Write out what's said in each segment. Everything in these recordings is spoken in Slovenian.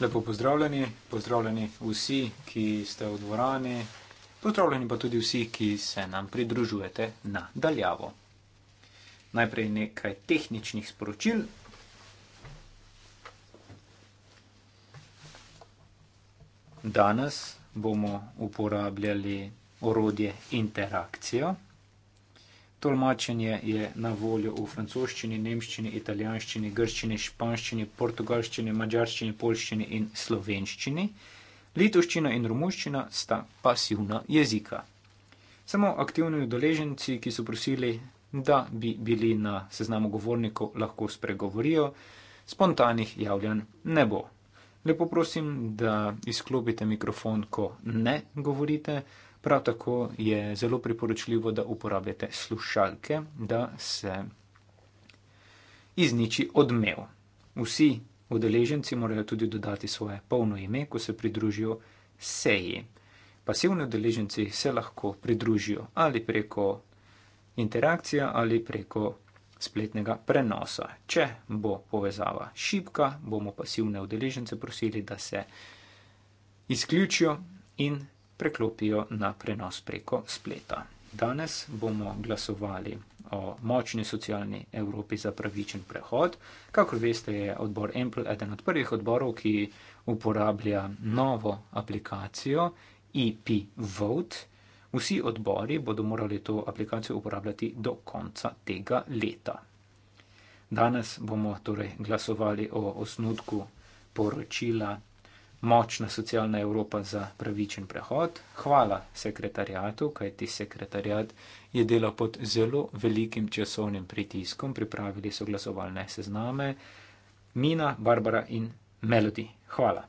Lepo pozdravljeni, pozdravljeni vsi, ki ste v dvorani, pozdravljeni pa tudi vsi, ki se nam pridružujete na daljavo. Najprej nekaj tehničnih sporočil. Danes bomo uporabljali orodje interakcijo. Tolmačenje je na voljo v francoščini, nemščini, italijanščini, grščini, španščini, portugalščini, mačarščini, polščini in slovenščini. Litoščina in romuščina sta pasivna jezika. Samo aktivni udeleženci, ki so prosili, da bi bili na seznamu govornikov, lahko spregovorijo, spontanih javljanj ne bo. Lepo prosim, da izklopite mikrofon, ko ne govorite. Prav tako je zelo priporočljivo, da uporabljate slušalke, da se izniči odmev. Vsi udeleženci morajo tudi dodati svoje polno ime, ko se pridružijo seji. Pasivni udeleženci se lahko pridružijo ali preko interakcije ali preko spletnega prenosa. Če bo povezava šipka, bomo pasivne udeležence prosili, da se izključijo in preklopijo na prenos preko spleta. Danes bomo glasovali o močni socialni Evropi za pravičen prehod. Kakor veste, je odbor Ample eden od prvih odborov, ki uporablja novo aplikacijo EP Vote. Vsi odbori bodo morali to aplikacijo uporabljati do konca tega leta. Danes bomo torej glasovali o osnutku poročila močna socialna Evropa za pravičen prehod. Hvala sekretarijatu, kajti sekretarijat je delal pod zelo velikim časovnim pritiskom, pripravili so glasovalne sezname Mina, Barbara in Melody. Hvala.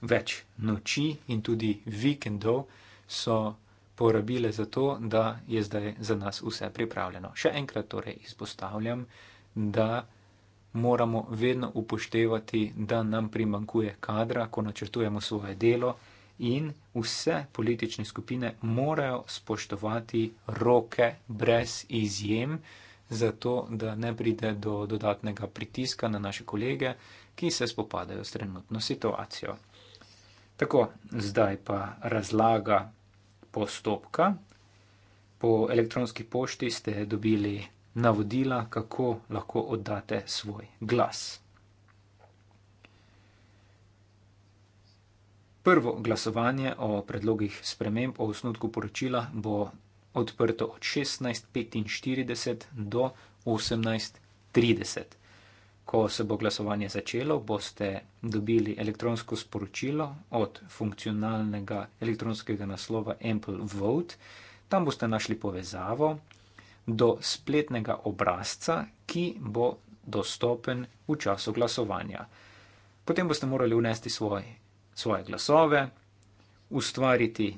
Več noči in tudi vikendov so porabile za to, da je zdaj za nas vse pripravljeno. Še enkrat torej izpostavljam, da moramo vedno upoštevati, da nam primankuje kadra, ko načrtujemo svoje delo in vse politične skupine morajo spoštovati roke brez izjem, zato da ne pride do dodatnega pritiska na naše kolege, ki se spopadajo s trenutno situacijo. Tako, zdaj pa razlaga postopka. Po elektronski pošti ste dobili navodila, kako lahko oddate svoj glas. Prvo glasovanje o predlogih sprememb o osnutku poročila bo odprto od 16.45 do 18.30. Ko se bo glasovanje začelo, boste dobili elektronsko sporočilo od funkcionalnega elektronskega naslova Ample Vote. Tam boste našli povezavo, do spletnega obrazca, ki bo dostopen v času glasovanja. Potem boste morali unesti svoj, svoje glasove, ustvariti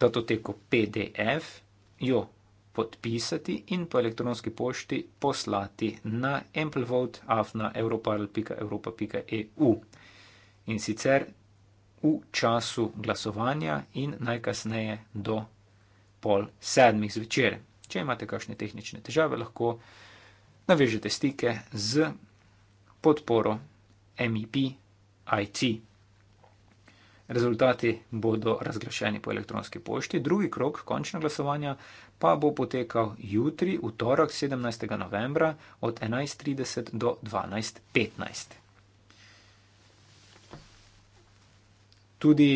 datoteko PDF, jo podpisati in po elektronski pošti poslati na amplevote.afna.europarl.europa.eu in sicer v času glasovanja in najkasneje do pol sedmih zvečer. Če imate kakšne tehnične težave, lahko navežete stike z podporo MEP IT. Rezultati bodo razglašeni po elektronski pošti. Drugi krok končnega glasovanja pa bo potekal jutri, v torek 17. novembra od 11.30 do 12.15. Tudi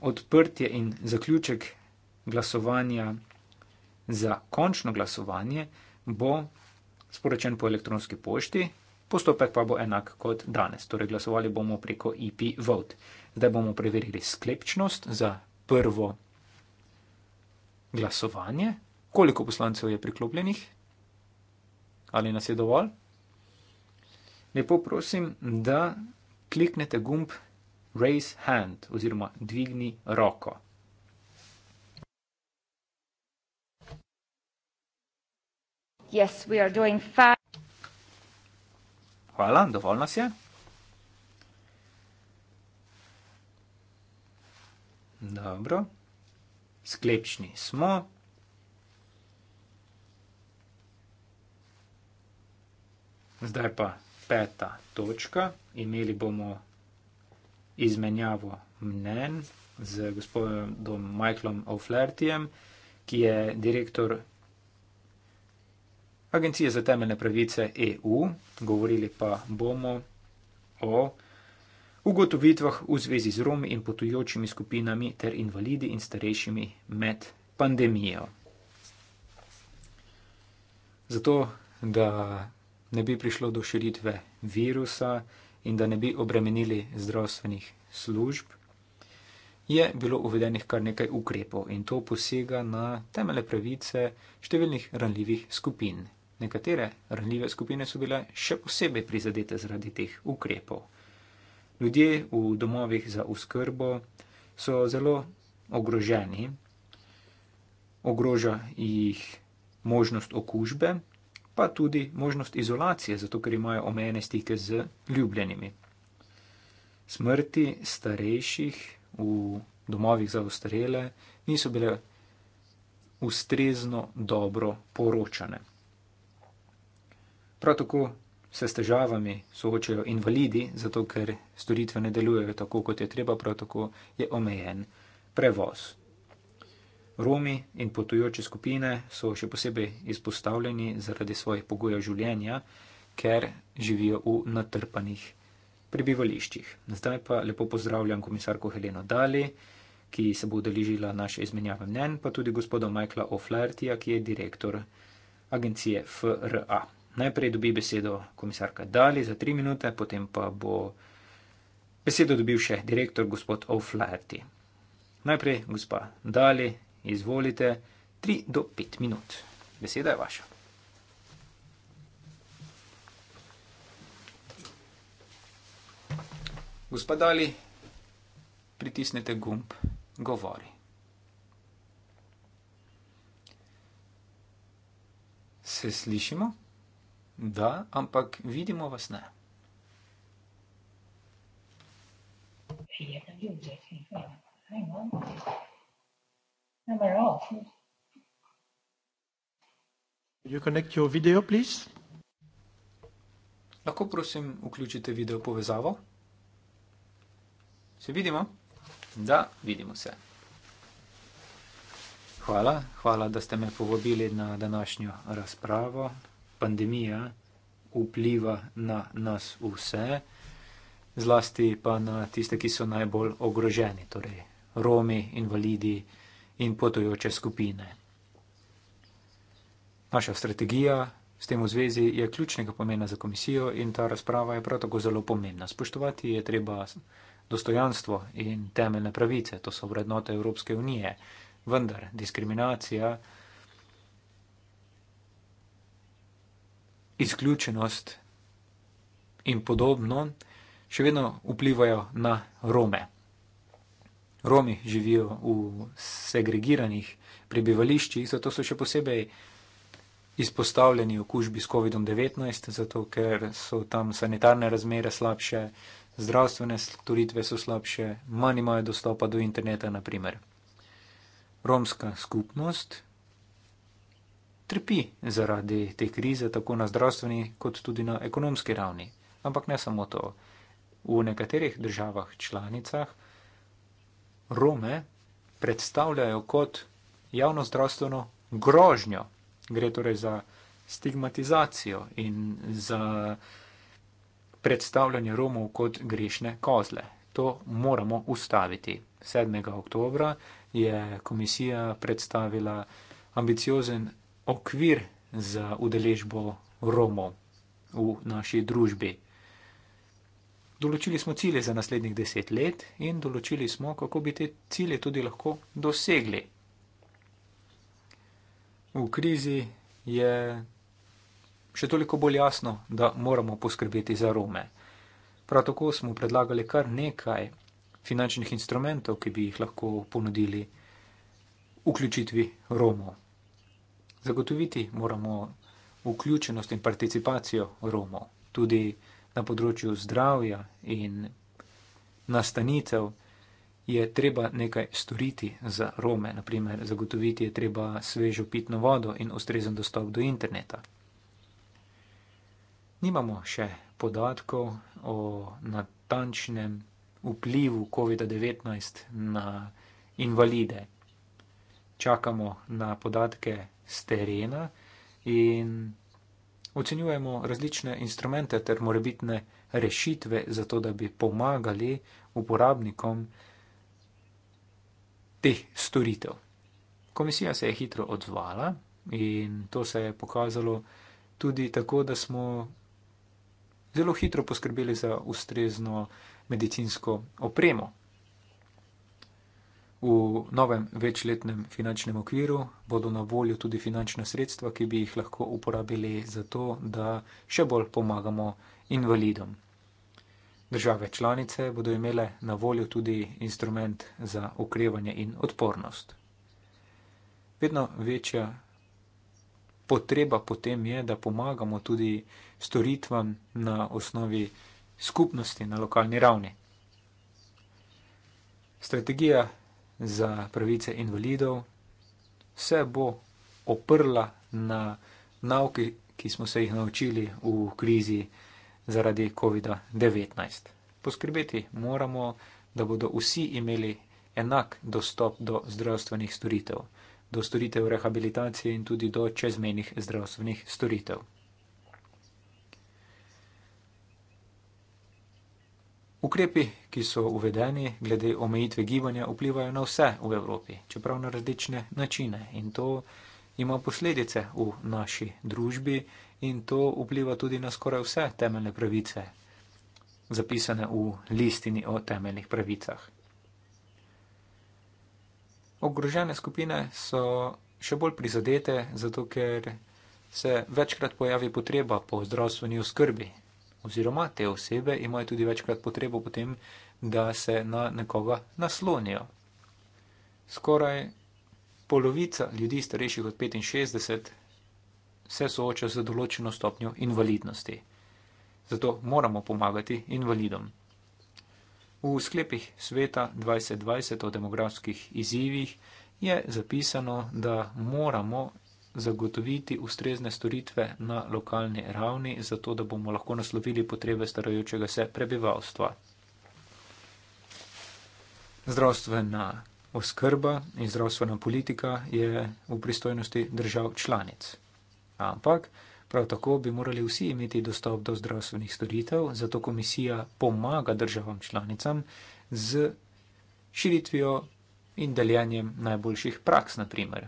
odprtje in zaključek glasovanja Za končno glasovanje bo sporočen po elektronski pošti, postopek pa bo enak kot danes. Torej, glasovali bomo preko IP-vote. E Zdaj bomo preverili sklepčnost za prvo glasovanje, koliko poslancev je priklopljenih, ali nas je dovolj. Lepo prosim, da kliknete gumb Raise Hand oziroma dvigni roko. yes, we are doing fine. Hvala, dovolj nas je. Dobro. Sklepčni smo. Zdaj pa peta točka. Imeli bomo izmenjavo mnen z gospodom Michaelom O'Flertijem, ki je direktor Agencije za temeljne pravice EU, govorili pa bomo o ugotovitvah v zvezi z Romi in potujočimi skupinami ter invalidi in starejšimi med pandemijo. Zato, da ne bi prišlo do širitve virusa in da ne bi obremenili zdravstvenih služb, je bilo uvedenih kar nekaj ukrepov in to posega na temeljne pravice številnih ranljivih skupin. Nekatere ranljive skupine so bile še posebej prizadete zaradi teh ukrepov. Ljudje v domovih za uskrbo so zelo ogroženi, ogroža jih možnost okužbe, pa tudi možnost izolacije, zato ker imajo omejene stike z ljubljenimi. Smrti starejših v domovih za ustarele niso bile ustrezno dobro poročane. Prav tako se s težavami soočajo invalidi, zato ker storitve ne delujejo tako, kot je treba, prav tako je omejen prevoz. Romi in potujoče skupine so še posebej izpostavljeni zaradi svojih pogojev življenja, ker živijo v natrpanih prebivališčih. Zdaj pa lepo pozdravljam komisarko Heleno Dali, ki se bo udeležila naše izmenjave mnen, pa tudi gospoda Michaela O'Flaherty, ki je direktor agencije FRA. Najprej dobi besedo komisarka Dali za tri minute, potem pa bo besedo dobil še direktor gospod O'Flaherty. Najprej, gospa Dali, izvolite, tri do pet minut. Beseda je vaša. Gospa Dali, pritisnite gumb, govori. Se slišimo? da, ampak vidimo vas ne. Video, Lahko prosim vključite video povezavo? Se vidimo? Da, vidimo se. Hvala, hvala, da ste me povabili na današnjo razpravo pandemija vpliva na nas vse, zlasti pa na tiste, ki so najbolj ogroženi, torej Romi, invalidi in potujoče skupine. Naša strategija s tem v zvezi je ključnega pomena za komisijo in ta razprava je prav tako zelo pomembna. Spoštovati je treba dostojanstvo in temeljne pravice, to so vrednote Evropske unije, vendar diskriminacija izključenost in podobno še vedno vplivajo na Rome. Romi živijo v segregiranih prebivališčih, zato so še posebej izpostavljeni okužbi s COVID-19, zato ker so tam sanitarne razmere slabše, zdravstvene storitve so slabše, manj imajo dostopa do interneta, naprimer. Romska skupnost trpi zaradi te krize, tako na zdravstveni, kot tudi na ekonomski ravni. Ampak ne samo to. V nekaterih državah članicah Rome predstavljajo kot javno zdravstveno grožnjo. Gre torej za stigmatizacijo in za predstavljanje Romov kot grešne kozle. To moramo ustaviti. 7. oktobra je komisija predstavila ambiciozen okvir za udeležbo Romov v naši družbi. Določili smo cilje za naslednjih deset let in določili smo, kako bi te cilje tudi lahko dosegli. V krizi je še toliko bolj jasno, da moramo poskrbeti za Rome. Prav tako smo predlagali kar nekaj finančnih instrumentov, ki bi jih lahko ponudili vključitvi Romov zagotoviti moramo vključenost in participacijo Romov, tudi na področju zdravja in nastanitev. Je treba nekaj storiti za Rome, naprimer zagotoviti je treba svežo pitno vodo in ustrezen dostop do interneta. Nimamo še podatkov o natančnem vplivu COVID-19 na invalide, čakamo na podatke z terena in ocenjujemo različne instrumente ter morebitne rešitve, zato da bi pomagali uporabnikom teh storitev. Komisija se je hitro odzvala in to se je pokazalo tudi tako, da smo zelo hitro poskrbeli za ustrezno medicinsko opremo. V novem večletnem finančnem okviru bodo na voljo tudi finančna sredstva, ki bi jih lahko uporabili za to, da še bolj pomagamo invalidom. Države članice bodo imele na voljo tudi instrument za okrevanje in odpornost. Vedno večja potreba potem je, da pomagamo tudi storitvam na osnovi skupnosti na lokalni ravni. Strategija za pravice invalidov, se bo oprla na nauki, ki smo se jih naučili v krizi zaradi COVID-19. Poskrbeti moramo, da bodo vsi imeli enak dostop do zdravstvenih storitev, do storitev rehabilitacije in tudi do čezmenih zdravstvenih storitev. Ukrepi, ki so uvedeni glede omejitve gibanja, vplivajo na vse v Evropi, čeprav na različne načine. In to ima posledice v naši družbi in to vpliva tudi na skoraj vse temeljne pravice, zapisane v listini o temeljnih pravicah. Ogrožene skupine so še bolj prizadete, zato ker se večkrat pojavi potreba po zdravstveni oskrbi, oziroma te osebe imajo tudi večkrat potrebo potem, da se na nekoga naslonijo. Skoraj polovica ljudi starejših od 65 se sooča z določeno stopnjo invalidnosti. Zato moramo pomagati invalidom. V sklepih sveta 2020 o demografskih izzivih je zapisano, da moramo zagotoviti ustrezne storitve na lokalni ravni, zato da bomo lahko naslovili potrebe starajočega se prebivalstva. Zdravstvena oskrba in zdravstvena politika je v pristojnosti držav članic. Ampak prav tako bi morali vsi imeti dostop do zdravstvenih storitev, zato komisija pomaga državam članicam z širitvijo in deljenjem najboljših praks, naprimer.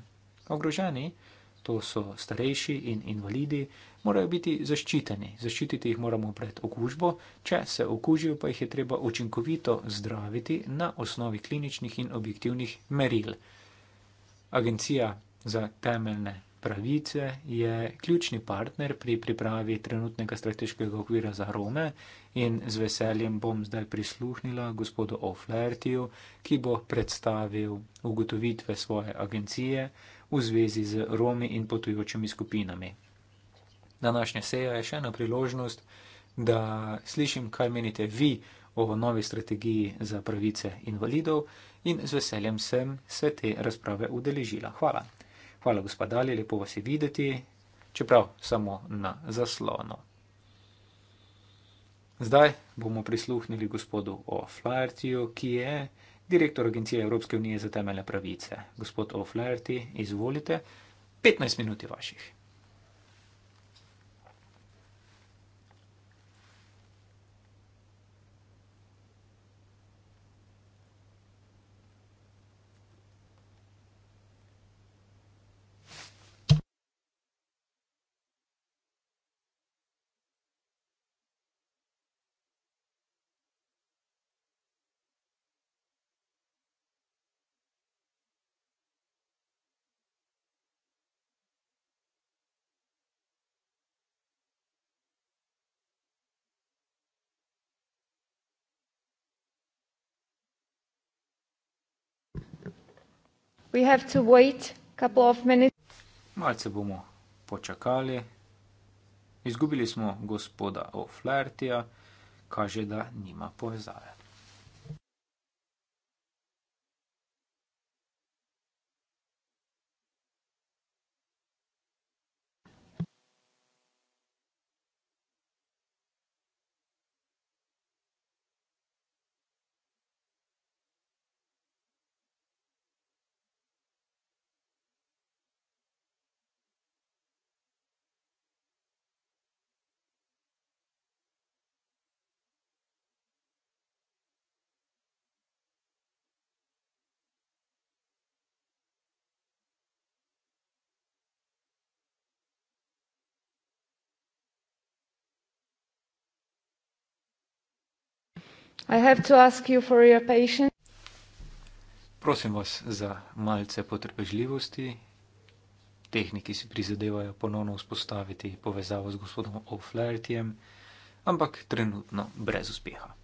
Ogroženi to so starejši in invalidi, morajo biti zaščiteni. Zaščititi jih moramo pred okužbo, če se okužijo, pa jih je treba učinkovito zdraviti na osnovi kliničnih in objektivnih meril. Agencija za temeljne pravice je ključni partner pri pripravi trenutnega strateškega okvira za Rome in z veseljem bom zdaj prisluhnila gospodu Oflertiju, ki bo predstavil ugotovitve svoje agencije v zvezi z Romi in potujočimi skupinami. Današnja seja je še ena priložnost, da slišim, kaj menite vi o novi strategiji za pravice invalidov in z veseljem sem se te razprave udeležila. Hvala. Hvala, gospodali, lepo vas je videti, čeprav samo na zaslonu. Zdaj bomo prisluhnili gospodu O'Flaherty, ki je direktor Agencije Evropske unije za temeljne pravice, gospod O'Flaherty, izvolite, 15 minut je vaših. We have to wait couple of minutes. Malce bomo počakali. Izgubili smo gospoda O'Flaherty-ja, kaže, da nima povezave. Prosim vas za malce potrpežljivosti. Tehniki si prizadevajo ponovno vzpostaviti povezavo z gospodom O'Flahertyjem, ampak trenutno brez uspeha.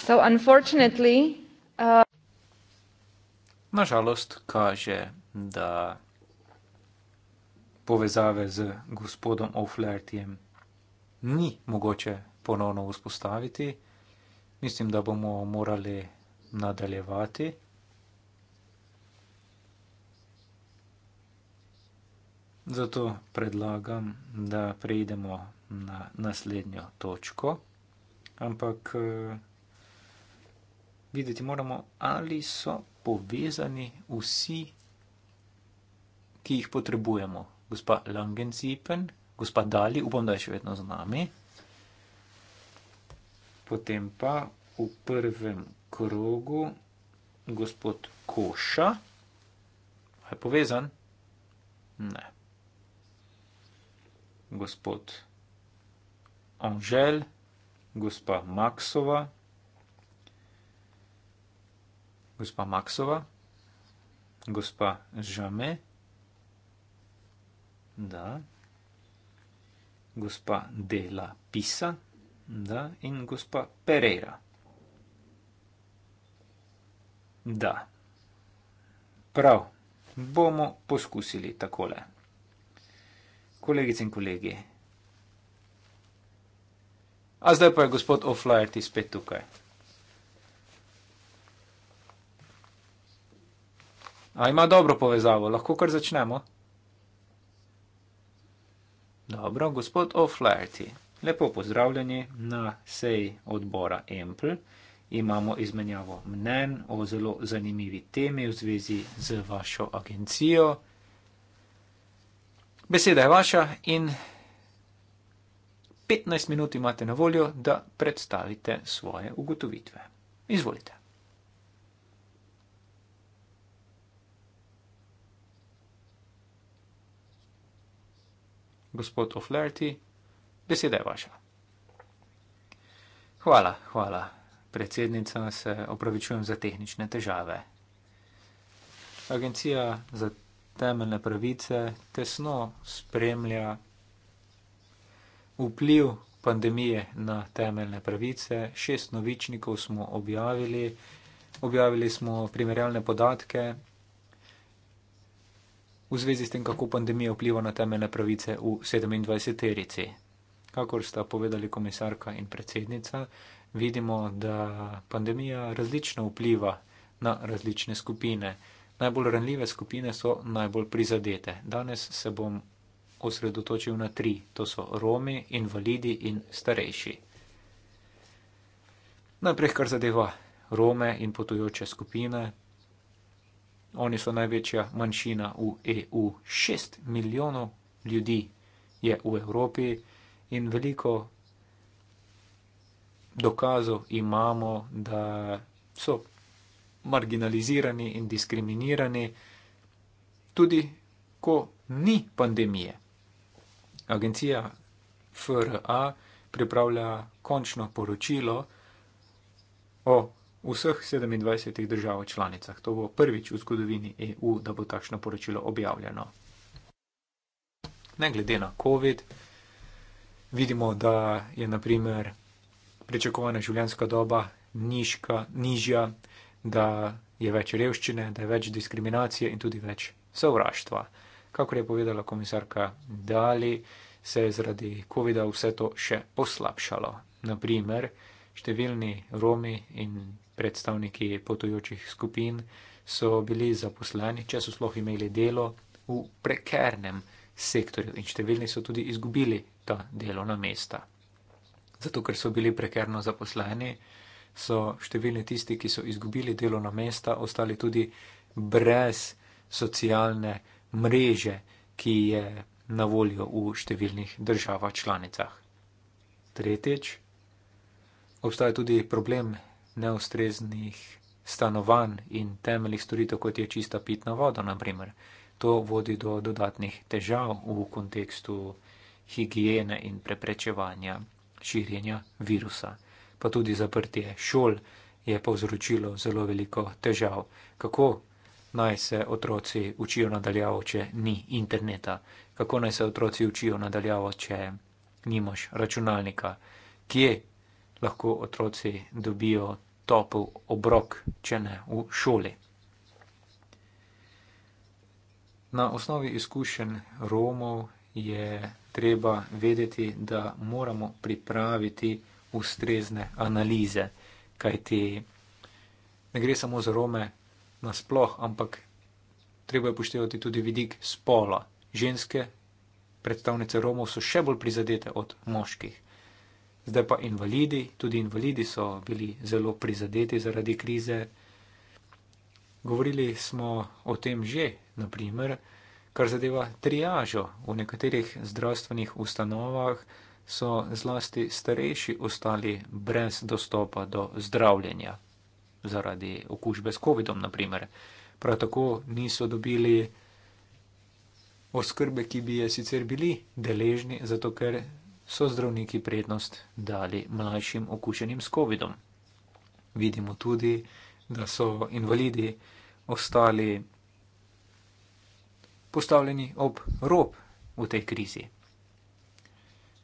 So unfortunately, uh... Nažalost, kaže, da povezave z gospodom Oflertijem ni mogoče ponovno vzpostaviti. Mislim, da bomo morali nadaljevati. Zato predlagam, da prejdemo na naslednjo točko. Ampak. Uh videti moramo, ali so povezani vsi, ki jih potrebujemo. Gospa Langenzipen, gospa Dali, upam, da je še vedno z nami. Potem pa v prvem krogu gospod Koša. Je povezan? Ne. Gospod Anžel, gospa Maksova, gospa Maksova, gospa Žame, da, gospa Dela Pisa, da, in gospa Pereira. Da. Prav, bomo poskusili takole. Kolegice in kolegi, a zdaj pa je gospod O'Flaherty spet tukaj. A ima dobro povezavo, lahko kar začnemo. Dobro, gospod O'Flaherty, lepo pozdravljeni na seji odbora Ample. Imamo izmenjavo mnen o zelo zanimivi temi v zvezi z vašo agencijo. Beseda je vaša in 15 minut imate na voljo, da predstavite svoje ugotovitve. Izvolite. gospod O'Flaherty, beseda je vaša. Hvala, hvala, predsednica, se opravičujem za tehnične težave. Agencija za temeljne pravice tesno spremlja vpliv pandemije na temeljne pravice. Šest novičnikov smo objavili, objavili smo primerjalne podatke v zvezi s tem, kako pandemija vpliva na temeljne pravice v 27-terici. Kakor sta povedali komisarka in predsednica, vidimo, da pandemija različno vpliva na različne skupine. Najbolj ranljive skupine so najbolj prizadete. Danes se bom osredotočil na tri. To so Romi, invalidi in starejši. Najprej, kar zadeva Rome in potujoče skupine, Oni so največja manjšina v EU. Šest milijonov ljudi je v Evropi in veliko dokazov imamo, da so marginalizirani in diskriminirani, tudi ko ni pandemije. Agencija FRA pripravlja končno poročilo o v vseh 27 držav članicah. To bo prvič v zgodovini EU, da bo takšno poročilo objavljeno. Ne glede na COVID, vidimo, da je naprimer pričakovana življenjska doba nižka, nižja, da je več revščine, da je več diskriminacije in tudi več sovraštva. Kakor je povedala komisarka Dali, se je zaradi COVID-a vse to še poslabšalo. Naprimer, številni Romi in predstavniki potujočih skupin so bili zaposleni, če so sploh imeli delo v prekernem sektorju in številni so tudi izgubili ta delovna mesta. Zato, ker so bili prekerno zaposleni, so številni tisti, ki so izgubili delovna mesta, ostali tudi brez socialne mreže, ki je na voljo v številnih državah članicah. Tretjič, obstaja tudi problem neustreznih stanovanj in temeljih storitev, kot je čista pitna voda, naprimer. To vodi do dodatnih težav v kontekstu higiene in preprečevanja širjenja virusa. Pa tudi zaprtje šol je povzročilo zelo veliko težav. Kako naj se otroci učijo nadaljavo, če ni interneta? Kako naj se otroci učijo nadaljavo, če nimaš računalnika? Kje lahko otroci dobijo topel obrok, če ne v šoli. Na osnovi izkušenj Romov je treba vedeti, da moramo pripraviti ustrezne analize, kajti ne gre samo za Rome nasploh, ampak treba je poštevati tudi vidik spola. Ženske predstavnice Romov so še bolj prizadete od moških zdaj pa invalidi, tudi invalidi so bili zelo prizadeti zaradi krize. Govorili smo o tem že, naprimer, kar zadeva triažo. V nekaterih zdravstvenih ustanovah so zlasti starejši ostali brez dostopa do zdravljenja zaradi okužbe s COVID-om, naprimer. Prav tako niso dobili oskrbe, ki bi je sicer bili deležni, zato ker so zdravniki prednost dali mlajšim okuženim s COVID-om. Vidimo tudi, da so invalidi ostali postavljeni ob rob v tej krizi.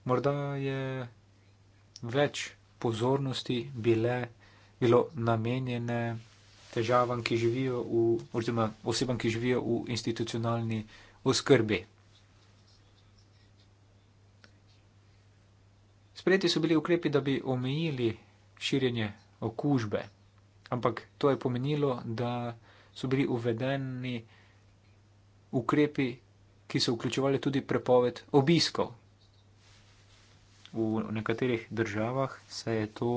Morda je več pozornosti bile, bilo namenjene težavam, ki živijo v, oziroma osebam, ki živijo v institucionalni oskrbi. Sprejeti so bili ukrepi, da bi omejili širjenje okužbe, ampak to je pomenilo, da so bili uvedeni ukrepi, ki so vključevali tudi prepoved obiskov. V nekaterih državah se je to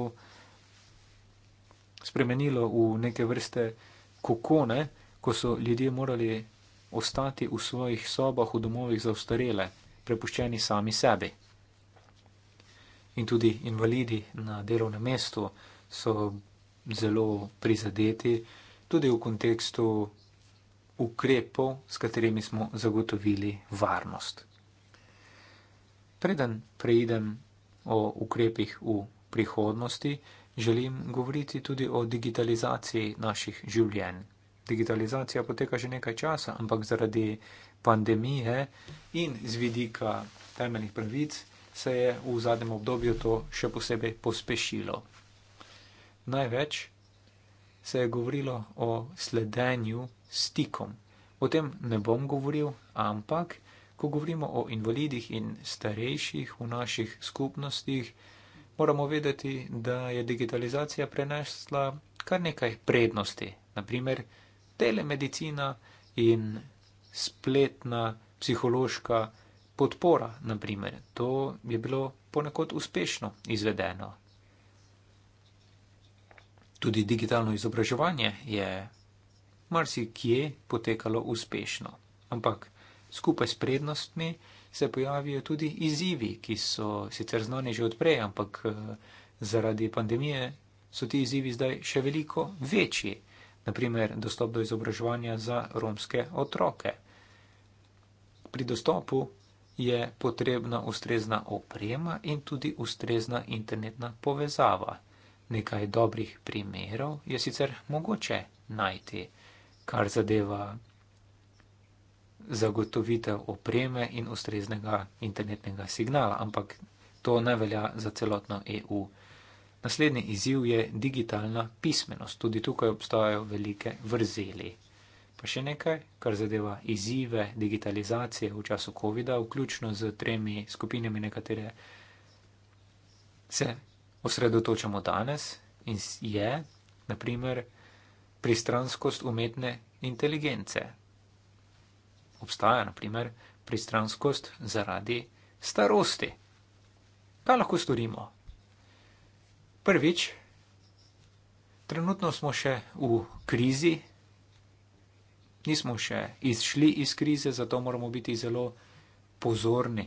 spremenilo v neke vrste kokone, ko so ljudje morali ostati v svojih sobah, v domovih za ostarele, prepuščeni sami sebi in tudi invalidi na delovnem mestu so zelo prizadeti, tudi v kontekstu ukrepov, s katerimi smo zagotovili varnost. Preden preidem o ukrepih v prihodnosti, želim govoriti tudi o digitalizaciji naših življenj. Digitalizacija poteka že nekaj časa, ampak zaradi pandemije in z vidika temeljnih pravic se je v zadnjem obdobju to še posebej pospešilo. Največ se je govorilo o sledenju stikom. O tem ne bom govoril, ampak ko govorimo o invalidih in starejših v naših skupnostih, moramo vedeti, da je digitalizacija prenesla kar nekaj prednosti. Naprimer, telemedicina in spletna psihološka podpora, naprimer, to je bilo ponekod uspešno izvedeno. Tudi digitalno izobraževanje je marsikje potekalo uspešno, ampak skupaj s prednostmi se pojavijo tudi izzivi, ki so sicer znani že odprej, ampak eh, zaradi pandemije so ti izzivi zdaj še veliko večji, naprimer dostop do izobraževanja za romske otroke. Pri dostopu je potrebna ustrezna oprema in tudi ustrezna internetna povezava. Nekaj dobrih primerov je sicer mogoče najti, kar zadeva zagotovitev opreme in ustreznega internetnega signala, ampak to ne velja za celotno EU. Naslednji izziv je digitalna pismenost. Tudi tukaj obstajajo velike vrzeli. Pa še nekaj, kar zadeva izzive digitalizacije v času COVID-a, vključno z tremi skupinami, na katere se osredotočamo danes, in je naprimer pristranskost umetne inteligence. Obstaja naprimer pristranskost zaradi starosti. Kaj lahko storimo? Prvič, trenutno smo še v krizi nismo še izšli iz krize, zato moramo biti zelo pozorni,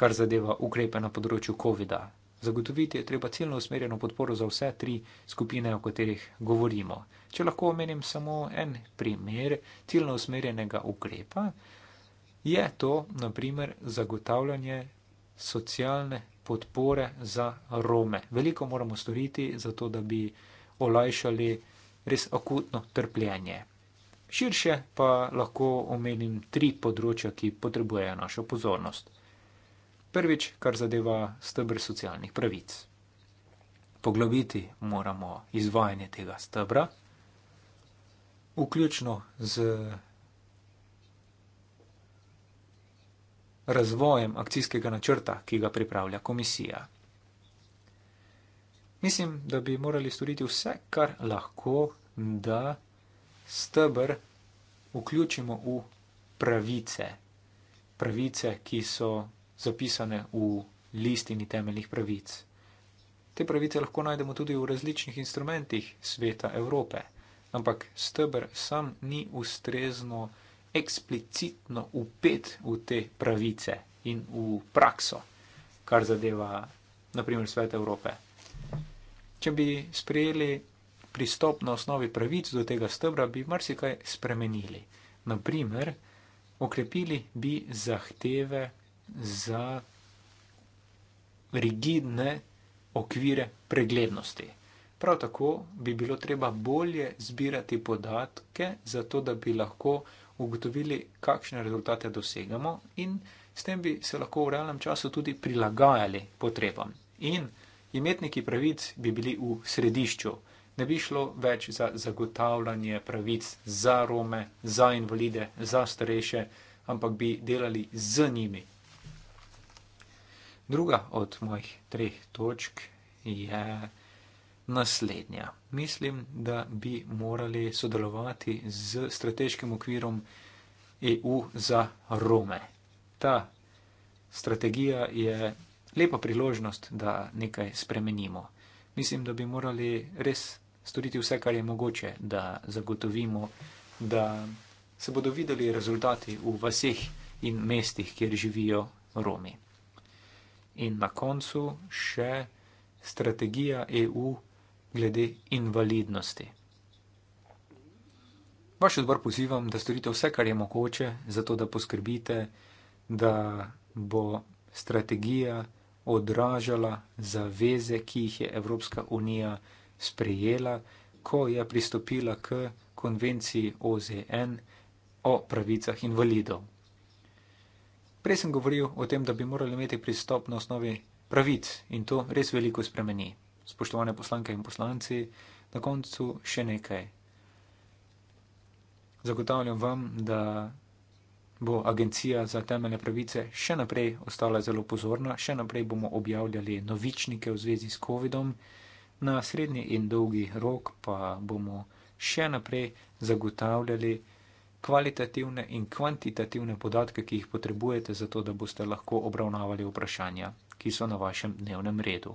kar zadeva ukrepe na področju COVID-a. Zagotoviti je treba ciljno usmerjeno podporo za vse tri skupine, o katerih govorimo. Če lahko omenim samo en primer ciljno usmerjenega ukrepa, je to naprimer zagotavljanje socialne podpore za Rome. Veliko moramo storiti, zato da bi olajšali res akutno trpljenje. Širše pa lahko omenim tri področja, ki potrebujejo našo pozornost. Prvič, kar zadeva stebr socialnih pravic. Poglobiti moramo izvajanje tega stebra, vključno z razvojem akcijskega načrta, ki ga pripravlja komisija. Mislim, da bi morali storiti vse, kar lahko, da steber vključimo v pravice. Pravice, ki so zapisane v listini temeljnih pravic. Te pravice lahko najdemo tudi v različnih instrumentih sveta Evrope, ampak steber sam ni ustrezno eksplicitno upet v te pravice in v prakso, kar zadeva naprimer svet Evrope. Če bi sprejeli pristop na osnovi pravic do tega stebra, bi marsikaj spremenili. Naprimer, okrepili bi zahteve za rigidne okvire preglednosti. Prav tako bi bilo treba bolje zbirati podatke, zato da bi lahko ugotovili, kakšne rezultate dosegamo in s tem bi se lahko v realnem času tudi prilagajali potrebam. In imetniki pravic bi bili v središču da bi šlo več za zagotavljanje pravic za Rome, za invalide, za starejše, ampak bi delali z njimi. Druga od mojih treh točk je naslednja. Mislim, da bi morali sodelovati z strateškim okvirom EU za Rome. Ta strategija je lepa priložnost, da nekaj spremenimo. Mislim, da bi morali res storiti vse, kar je mogoče, da zagotovimo, da se bodo videli rezultati v vseh in mestih, kjer živijo Romi. In na koncu še strategija EU glede invalidnosti. Vaš odbor pozivam, da storite vse, kar je mogoče, zato da poskrbite, da bo strategija odražala zaveze, ki jih je Evropska unija sprejela, ko je pristopila k konvenciji OZN o pravicah invalidov. Prej sem govoril o tem, da bi morali imeti pristop na osnovi pravic in to res veliko spremeni. Spoštovane poslanke in poslanci, na koncu še nekaj. Zagotavljam vam, da bo Agencija za temeljne pravice še naprej ostala zelo pozorna, še naprej bomo objavljali novičnike v zvezi s COVID-om na srednji in dolgi rok pa bomo še naprej zagotavljali kvalitativne in kvantitativne podatke, ki jih potrebujete, zato da boste lahko obravnavali vprašanja, ki so na vašem dnevnem redu.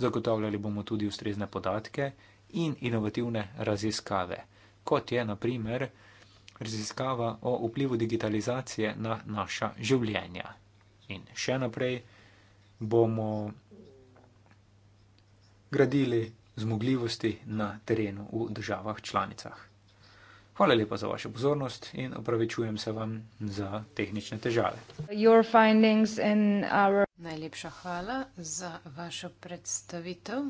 Zagotavljali bomo tudi ustrezne podatke in inovativne raziskave, kot je naprimer raziskava o vplivu digitalizacije na naša življenja. In še naprej bomo gradili zmogljivosti na terenu v državah članicah. Hvala lepa za vašo pozornost in opravičujem se vam za tehnične težave. Our... Najlepša hvala za vašo predstavitev.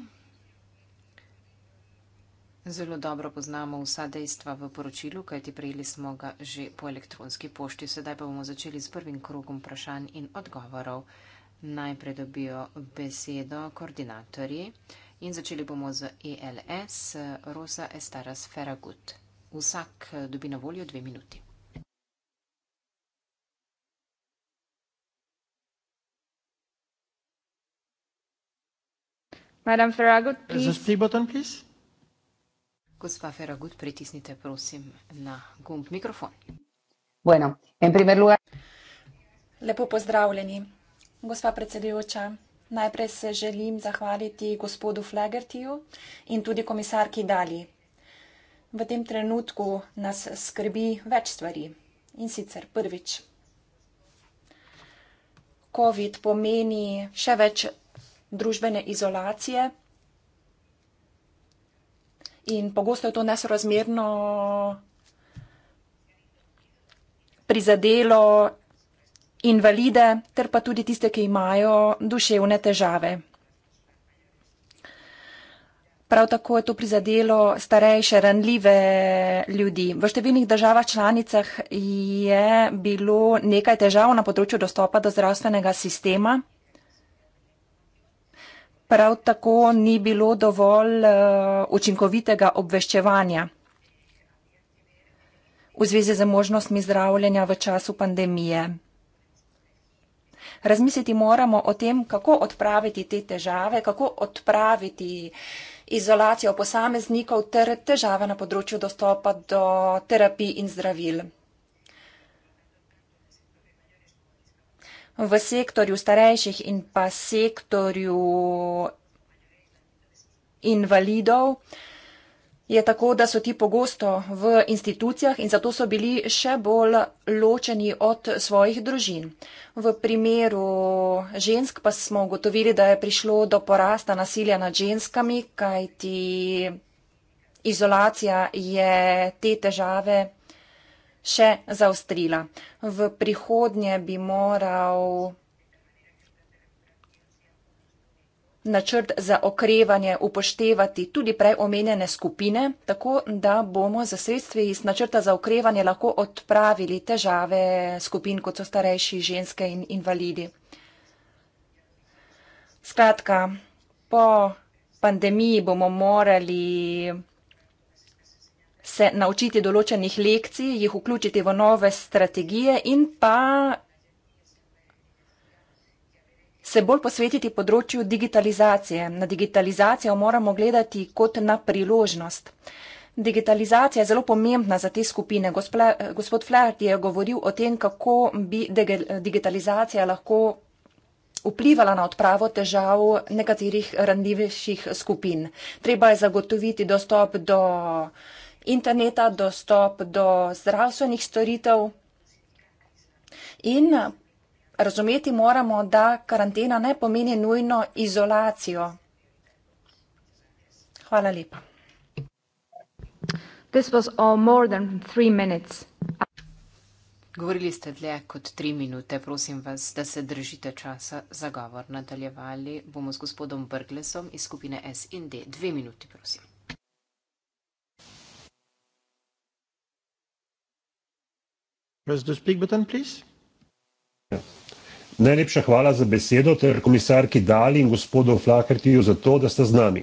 Zelo dobro poznamo vsa dejstva v poročilu, kajti prejeli smo ga že po elektronski pošti. Sedaj pa bomo začeli s prvim krogom vprašanj in odgovorov. Najprej dobijo besedo koordinatorji. In začeli bomo z ELS Rosa Estaras Ferragut. Vsak eh, dobi na voljo dve minuti. Madame Ferragut, please. Is the speak button, please? Gospa Ferragut, pritisnite prosim na gumb mikrofon. Bueno, en primer lugar. Lepo pozdravljeni, gospa predsedujoča. Najprej se želim zahvaliti gospodu Flagertiju in tudi komisarki Dali. V tem trenutku nas skrbi več stvari. In sicer prvič, COVID pomeni še več družbene izolacije in pogosto je to nesrazmerno prizadelo invalide, ter pa tudi tiste, ki imajo duševne težave. Prav tako je to prizadelo starejše, ranljive ljudi. V številnih državah članicah je bilo nekaj težav na področju dostopa do zdravstvenega sistema. Prav tako ni bilo dovolj eh, učinkovitega obveščevanja v zvezi z možnostmi zdravljenja v času pandemije razmisliti moramo o tem, kako odpraviti te težave, kako odpraviti izolacijo posameznikov ter težave na področju dostopa do terapij in zdravil. V sektorju starejših in pa sektorju invalidov je tako, da so ti pogosto v institucijah in zato so bili še bolj ločeni od svojih družin. V primeru žensk pa smo ugotovili, da je prišlo do porasta nasilja nad ženskami, kajti izolacija je te težave še zaostrila. V prihodnje bi moral načrt za okrevanje upoštevati tudi prej omenjene skupine, tako da bomo za sredstvi iz načrta za okrevanje lahko odpravili težave skupin, kot so starejši ženske in invalidi. Skratka, po pandemiji bomo morali se naučiti določenih lekcij, jih vključiti v nove strategije in pa se bolj posvetiti področju digitalizacije. Na digitalizacijo moramo gledati kot na priložnost. Digitalizacija je zelo pomembna za te skupine. Eh, gospod Flert je govoril o tem, kako bi digitalizacija lahko vplivala na odpravo težav nekaterih randivejših skupin. Treba je zagotoviti dostop do interneta, dostop do zdravstvenih storitev in razumeti moramo, da karantena ne pomeni nujno izolacijo. Hvala lepa. This was all more than three minutes. Govorili ste dlje kot tri minute. Prosim vas, da se držite časa za govor. Nadaljevali bomo z gospodom Brglesom iz skupine S in D. Dve minuti, prosim. Press the speak button, please. Yes. Najlepša hvala za besedo ter komisarki Dali in gospodu Flakertiju za to, da ste z nami.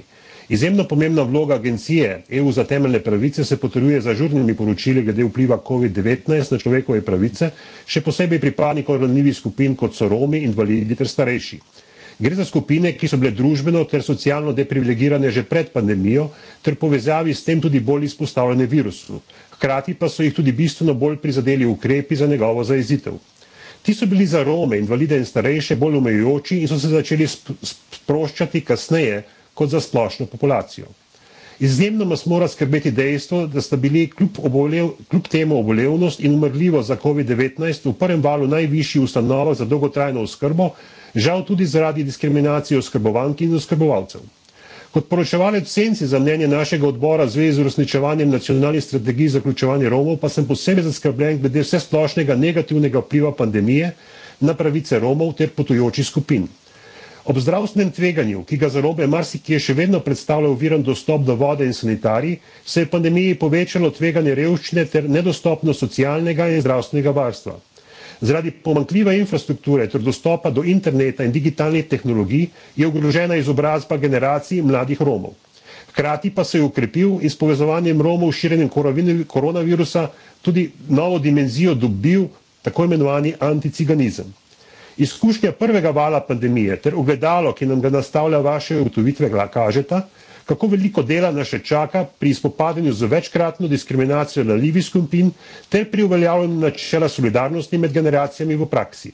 Izjemno pomembna vloga Agencije EU za temeljne pravice se potrjuje z ažurnimi poročili glede vpliva COVID-19 na človekove pravice, še posebej pripadnikov ranljivih skupin kot so Romi, invalidi ter starejši. Gre za skupine, ki so bile družbeno ter socialno deprivilegirane že pred pandemijo ter povezavi s tem tudi bolj izpostavljene virusu. Hkrati pa so jih tudi bistveno bolj prizadeli ukrepi za njegovo zaezitev. Ti so bili za Rome, invalide in starejše bolj omejujoči in so se začeli sproščati kasneje kot za splošno populacijo. Izjemno nas mora skrbeti dejstvo, da sta bili kljub, obolev, kljub temu obolevnost in umrljivo za COVID-19 v prvem valu najvišji ustanova za dolgotrajno oskrbo, žal tudi zaradi diskriminacije oskrbovank in oskrbovalcev. Kot poročevalec v senci za mnenje našega odbora v zvezi z uresničevanjem nacionalnih strategij za vključevanje Romov, pa sem posebej zaskrbljen glede vse splošnega negativnega vpliva pandemije na pravice Romov ter potujočih skupin. Ob zdravstvenem tveganju, ki ga za robe marsikje še vedno predstavlja uviran dostop do vode in sanitarij, se je pandemiji povečalo tveganje revščine ter nedostopnost socialnega in zdravstvenega varstva. Zaradi pomankljive infrastrukture ter dostopa do interneta in digitalnih tehnologij je ogrožena izobrazba generacij mladih Romov. Hkrati pa se je ukrepil in s povezovanjem Romov s širjenjem koronavirusa tudi novo dimenzijo dobil tako imenovani anticiganizem. Izkušnja prvega vala pandemije ter ogledalo, ki nam ga nastavlja vaše ugotovitve, kažeta, kako veliko dela nas še čaka pri spopadanju z večkratno diskriminacijo na ljivi skupin ter pri uveljavljanju načela solidarnosti med generacijami v praksi.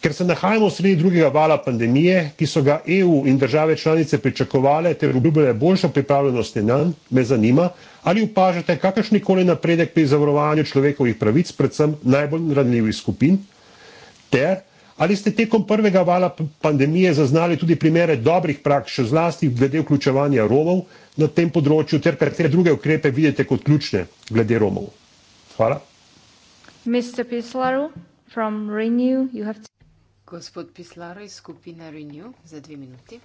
Ker se nahajamo v sredi drugega vala pandemije, ki so ga EU in države članice pričakovale ter obljubile boljšo pripravljenost na nanj, me zanima, ali upažate kakršnikoli napredek pri zavarovanju človekovih pravic, predvsem najbolj ranljivih skupin, ter Ali ste tekom prvega vala pandemije zaznali tudi primere dobrih praks, še zlasti glede vključevanja Romov na tem področju, ter katere druge ukrepe vidite kot ključne glede Romov? Hvala. Mr. Pislaru from Renew, you have to... Gospod Pislaru iz skupine Renew za dve minuti.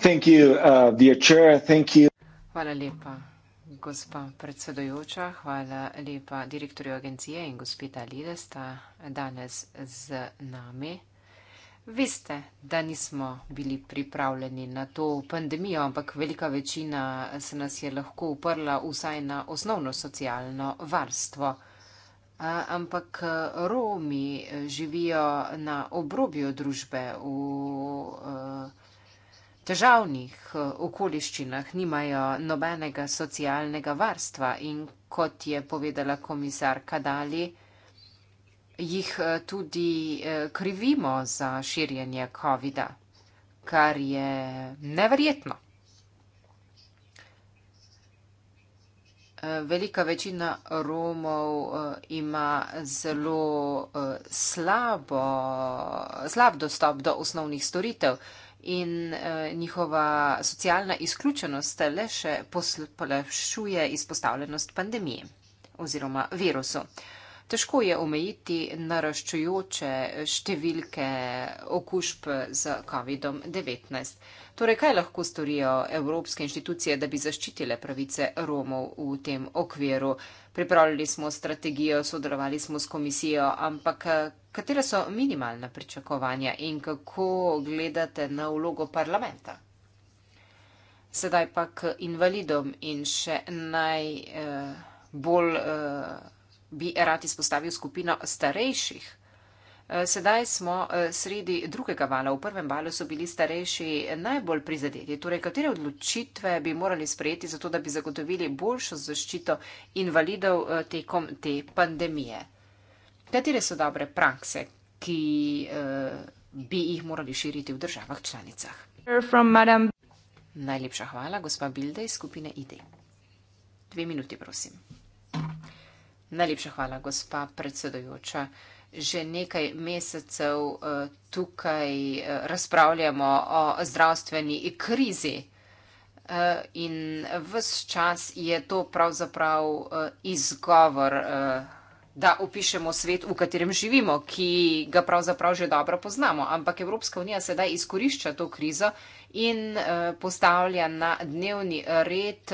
Thank you, uh, dear chair. Thank you. Hvala lepa, Gospa predsedujoča, hvala lepa direktorju agencije in gospeta Lide sta danes z nami. Veste, da nismo bili pripravljeni na to pandemijo, ampak velika večina se nas je lahko uprla vsaj na osnovno socialno varstvo. Ampak Romi živijo na obrobju družbe v težavnih eh, okoliščinah nimajo nobenega socialnega varstva in kot je povedala komisar Kadali, jih eh, tudi eh, krivimo za širjenje COVID-a, kar je neverjetno. Velika večina Romov ima zelo slabo, slab dostop do osnovnih storitev in uh, njihova socialna izključenost le še poslepšuje izpostavljenost pandemiji oziroma virusu težko je omejiti naraščujoče številke okužb z COVID-19. Torej, kaj lahko storijo evropske inštitucije, da bi zaščitile pravice Romov v tem okviru? Pripravljali smo strategijo, sodelovali smo s komisijo, ampak katera so minimalna pričakovanja in kako gledate na vlogo parlamenta? Sedaj pa k invalidom in še najbolj. Eh, eh, bi rad izpostavil skupino starejših. Eh, sedaj smo eh, sredi drugega vala. V prvem valu so bili starejši najbolj prizadeti. Torej, katere odločitve bi morali sprejeti, zato da bi zagotovili boljšo zaščito invalidov eh, tekom te pandemije? Katere so dobre prakse, ki bi jih morali širiti v državah članicah? Najlepša hvala, gospa Bilde iz skupine ID. Dve minuti, prosim. Najlepša hvala, gospa predsedujoča. Že nekaj mesecev eh, tukaj eh, razpravljamo o zdravstveni krizi eh, in vse čas je to pravzaprav izgovor, da opišemo svet, v katerem živimo, ki ga pravzaprav že dobro poznamo. Ampak Evropska unija sedaj izkorišča to krizo in postavlja na dnevni red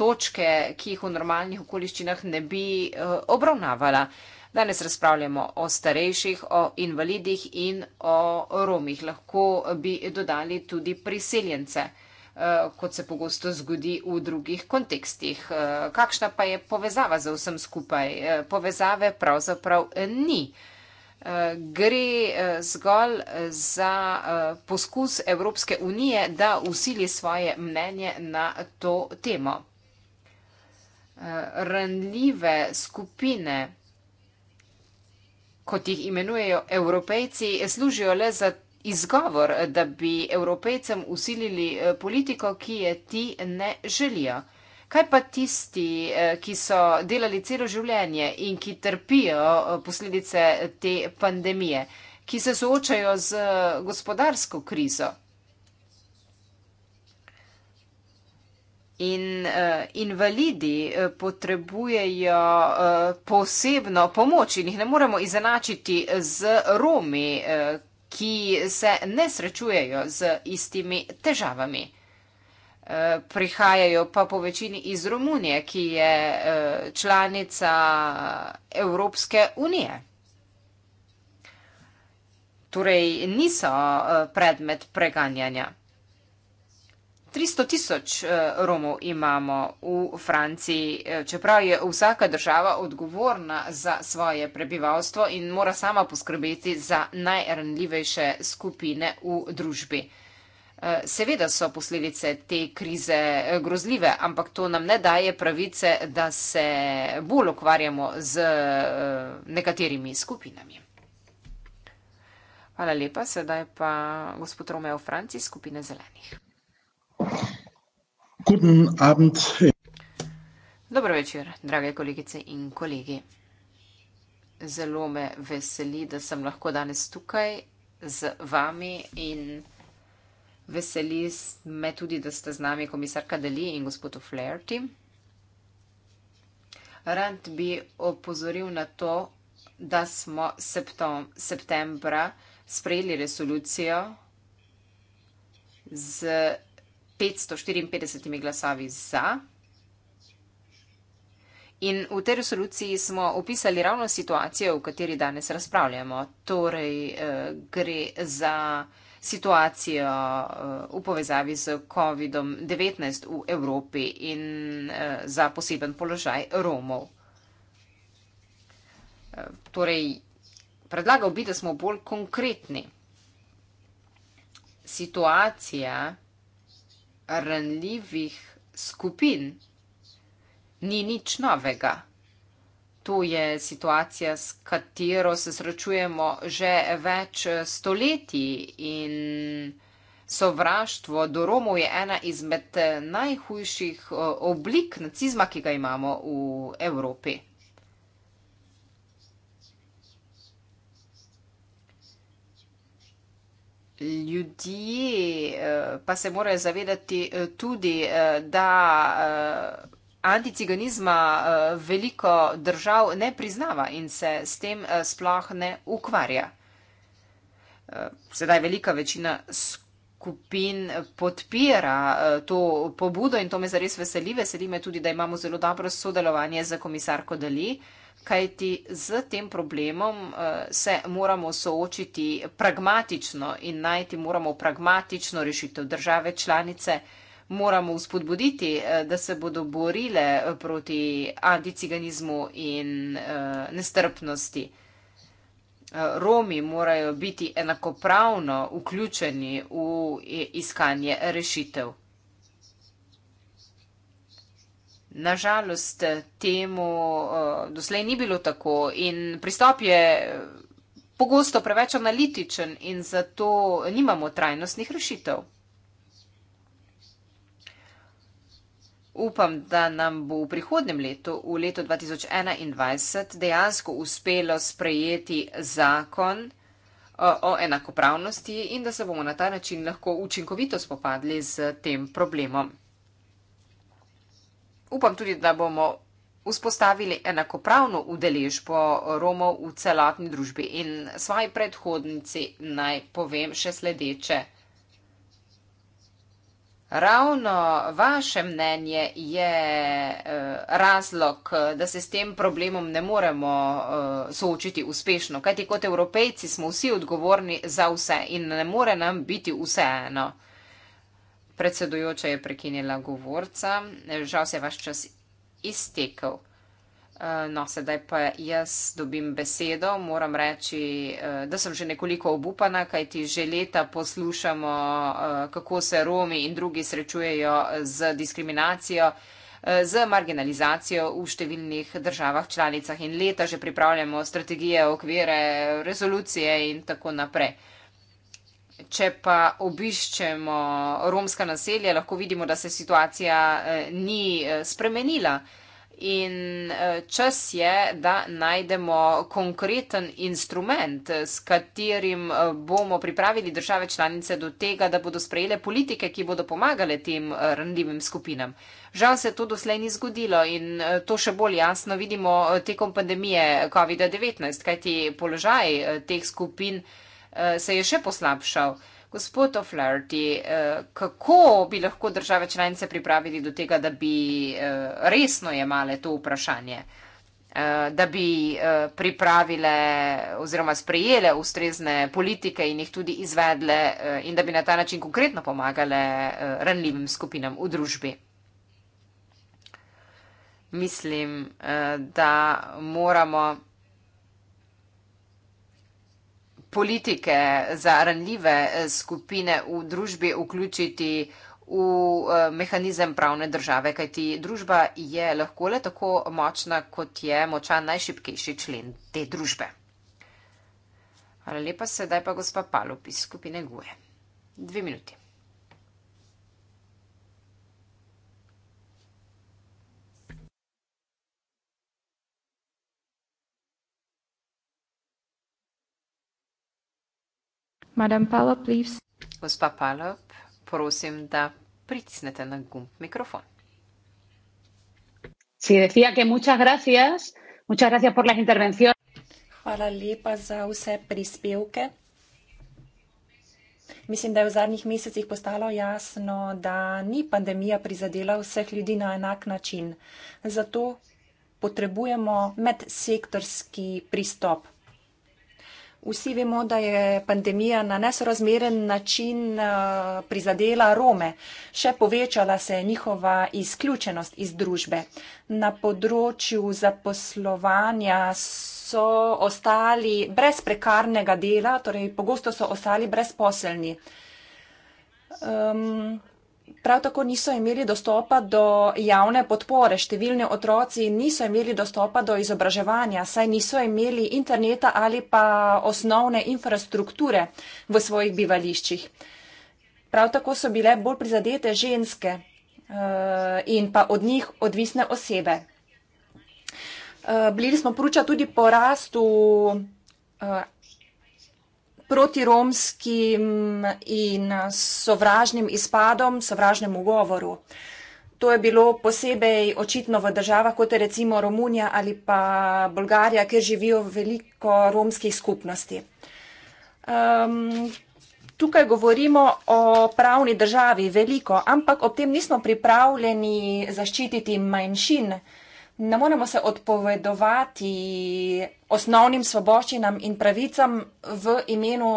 točke, ki jih v normalnih okoliščinah ne bi eh, obravnavala. Danes razpravljamo o starejših, o invalidih in o romih. Lahko bi dodali tudi priseljence, eh, kot se pogosto zgodi v drugih kontekstih. Eh, kakšna pa je povezava za vsem skupaj? Povezave pravzaprav ni. Gre zgolj za poskus Evropske unije, da usili svoje mnenje na to temo. Eh, ranljive skupine, kot jih imenujejo evropejci, služijo le za izgovor, da bi evropejcem usilili eh, politiko, ki je ti ne želijo. Kaj pa tisti, eh, ki so delali celo življenje in ki trpijo posledice te pandemije, ki se soočajo z gospodarsko krizo? In uh, invalidi uh, potrebujejo uh, posebno pomoč in jih ne moremo izenačiti z Romi, uh, ki se ne srečujejo z istimi težavami. Prihajajo pa po večini iz Romunije, ki je članica Evropske unije. Torej niso predmet preganjanja. 300 tisoč eh, Romov imamo v Franciji, eh, čeprav je vsaka država odgovorna za svoje prebivalstvo in mora sama poskrbeti za najranljivejše skupine v družbi. Eh, seveda so posledice te krize grozljive, ampak to nam ne daje pravice, da se bolj ukvarjamo z nekaterimi skupinami. Hvala lepa, sedaj pa gospod Romeo Franci, skupine zelenih. Guten Abend. Dobro večer, drage kolegice in kolegi. Zelo me veseli, da sem lahko danes tukaj z vami in veseli me tudi, da ste z nami komisarka Deli in gospod Flaherty. Rand bi opozoril na to, da smo septom, septembra sprejeli resolucijo z 554 glasovi za. In v tej resoluciji smo opisali ravno situacijo, v kateri danes razpravljamo. Torej, eh, gre za situacijo eh, v povezavi z COVID-19 v Evropi in eh, za poseben položaj Romov. Torej, predlagal bi, da smo bolj konkretni. Situacija ranljivih skupin ni nič novega. To je situacija, s katero se srečujemo že več stoletij in sovraštvo do Romov je ena izmed najhujših eh, oblik nacizma, ki ga imamo v Evropi. ljudje eh, pa se morajo zavedati eh, tudi, eh, da anticiganizma veliko držav ne priznava in se s tem sploh ne ukvarja. Sedaj velika večina skupina skupin eh, podpira eh, to pobudo in to me zares veseli. Veseli me tudi, da imamo zelo dobro sodelovanje z komisarko Dali, kajti z tem problemom eh, se moramo soočiti pragmatično in najti moramo pragmatično rešitev. Države članice moramo spodbuditi, da se bodo borile proti anticiganizmu in nestrpnosti. Eh, Romi morajo biti enakopravno vključeni v iskanje rešitev. Nažalost, temu eh, doslej ni bilo tako in pristop je pogosto preveč analitičen in zato nimamo trajnostnih rešitev. Upam, da nam bo v prihodnem letu, v letu 2021, dejansko uspelo sprejeti zakon o enakopravnosti in da se bomo na ta način lahko učinkovito spopadli z tem problemom. Upam tudi, da bomo vzpostavili enakopravno udeležbo Romov v celotni družbi in svoji predhodnici naj povem še sledeče ravno vaše mnenje je eh, razlog, da se s tem problemom ne moremo eh, soočiti uspešno. Kajti kot evropejci smo vsi odgovorni za vse in ne more nam biti vseeno. Predsedujoča je prekinila govorca. Žal se je vaš čas iztekel. Eh, no, sedaj pa jaz dobim besedo. Moram reči, eh, da sem že nekoliko obupana, kajti že leta poslušamo, eh, kako se Romi in drugi srečujejo z diskriminacijo, z marginalizacijo v številnih državah članicah in leta že pripravljamo strategije, okvire, rezolucije in tako naprej. Če pa obiščemo romska naselja, lahko vidimo, da se situacija ni spremenila. In eh, čas je, da najdemo konkreten instrument, s katerim eh, bomo pripravili države članice do tega, da bodo sprejele politike, ki bodo pomagale tem eh, randljivim skupinam. Žal se to doslej ni zgodilo in to še bolj jasno vidimo tekom pandemije COVID-19, kajti položaj teh skupin se je še poslabšal. Gospod O'Flaherty, eh, kako bi lahko države članice pripravili do tega, da bi eh, resno jemale to vprašanje, eh, da bi pripravile oziroma sprejele ustrezne politike in jih tudi izvedle in da bi na ta način konkretno pomagale ranljivim skupinam v družbi? Mislim, da moramo politike za ranljive eh, skupine v družbi vključiti v eh, mehanizem pravne države, kajti družba je lahko le tako močna, kot je močan najšipkejši člen te družbe. Hvala lepa, sedaj pa gospa Palup iz skupine Guje. Dve minuti. Madam Palop, please. Gospa Palop, prosim, da pritisnete na gumb mikrofon. Si decía que muchas gracias, muchas gracias por las intervenciones. Hvala lepa za vse prispevke. Mislim, da je v zadnjih mesecih postalo jasno, da ni pandemija prizadela vseh ljudi na enak način. Zato potrebujemo medsektorski pristop. Vsi vemo, da je pandemija na nesorazmeren način eh, prizadela Rome, še povečala se je njihova izključenost iz družbe. Na področju zaposlovanja so ostali brez prekarnega dela, torej pogosto so ostali brezposelni. Um, Prav tako niso imeli dostopa do javne podpore, številni otroci niso imeli dostopa do izobraževanja, saj niso imeli interneta ali pa osnovne infrastrukture v svojih bivališčih. Prav tako so bile bolj prizadete ženske eh, in pa od njih odvisne osebe. Eh, bili smo pruča tudi porastu eh, protiromskim in sovražnim izpadom, sovražnemu govoru. To je bilo posebej očitno v državah, kot je recimo Romunija ali pa Bolgarija, kjer živijo veliko romskih skupnosti. Um, tukaj govorimo o pravni državi veliko, ampak ob tem nismo pripravljeni zaščititi manjšin ne moremo se odpovedovati osnovnim svoboščinam in pravicam v imenu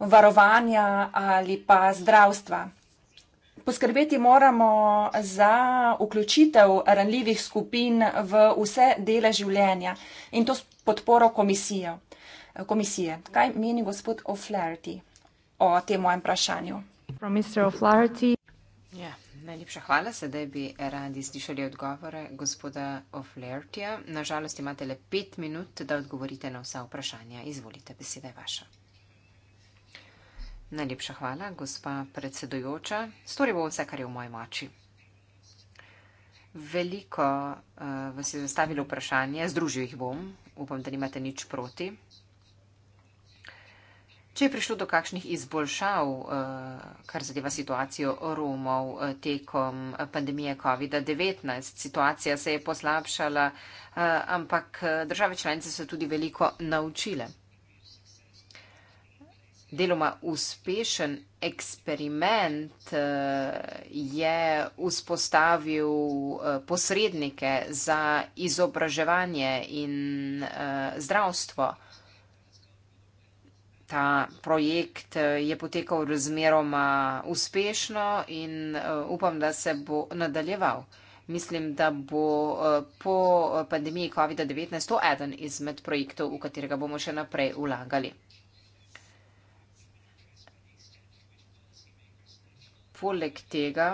varovanja ali pa zdravstva. Poskrbeti moramo za vključitev ranljivih skupin v vse dele življenja in to s podporo komisije. komisije. Kaj meni gospod O'Flaherty o tem mojem vprašanju? From Mr. O'Flaherty. Yeah. Ja. Najlepša hvala, sedaj bi radi slišali odgovore gospoda Oflertija. Nažalost imate le pet minut, da odgovorite na vsa vprašanja. Izvolite, beseda je vaša. Najlepša hvala, gospa predsedujoča. Stori bo vse, kar je v moji moči. Veliko uh, vas je zastavilo vprašanje, združil jih bom, upam, da nimate nič proti. Če je prišlo do kakšnih izboljšav, eh, kar zadeva situacijo Romov eh, tekom eh, pandemije COVID-19, situacija se je poslabšala, ampak države članice so tudi veliko naučile. Deloma uspešen eksperiment je vzpostavil posrednike za izobraževanje in zdravstvo ta projekt eh, je potekal razmeroma uspešno in eh, upam, da se bo nadaljeval. Mislim, da bo eh, po pandemiji COVID-19 to eden izmed projektov, v katerega bomo še naprej ulagali. Poleg tega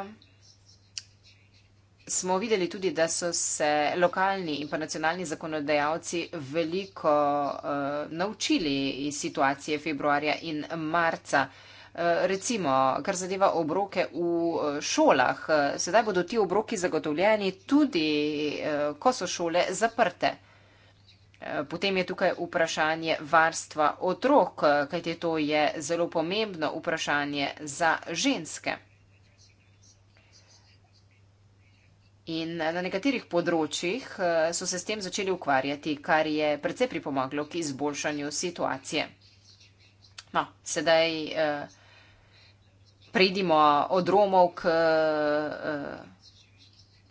smo videli tudi, da so se lokalni in pa nacionalni zakonodajalci veliko uh, naučili iz situacije februarja in marca. Eh, recimo, kar zadeva obroke v eh, šolah, sedaj bodo ti obroki zagotovljeni tudi, ko so šole zaprte. Potem je tukaj vprašanje varstva otrok, kajti to je zelo pomembno vprašanje za ženske. In eh, na nekaterih področjih eh, so se s tem začeli ukvarjati, kar je predvsej pripomoglo k izboljšanju situacije. No, sedaj eh, prejdimo od Romov k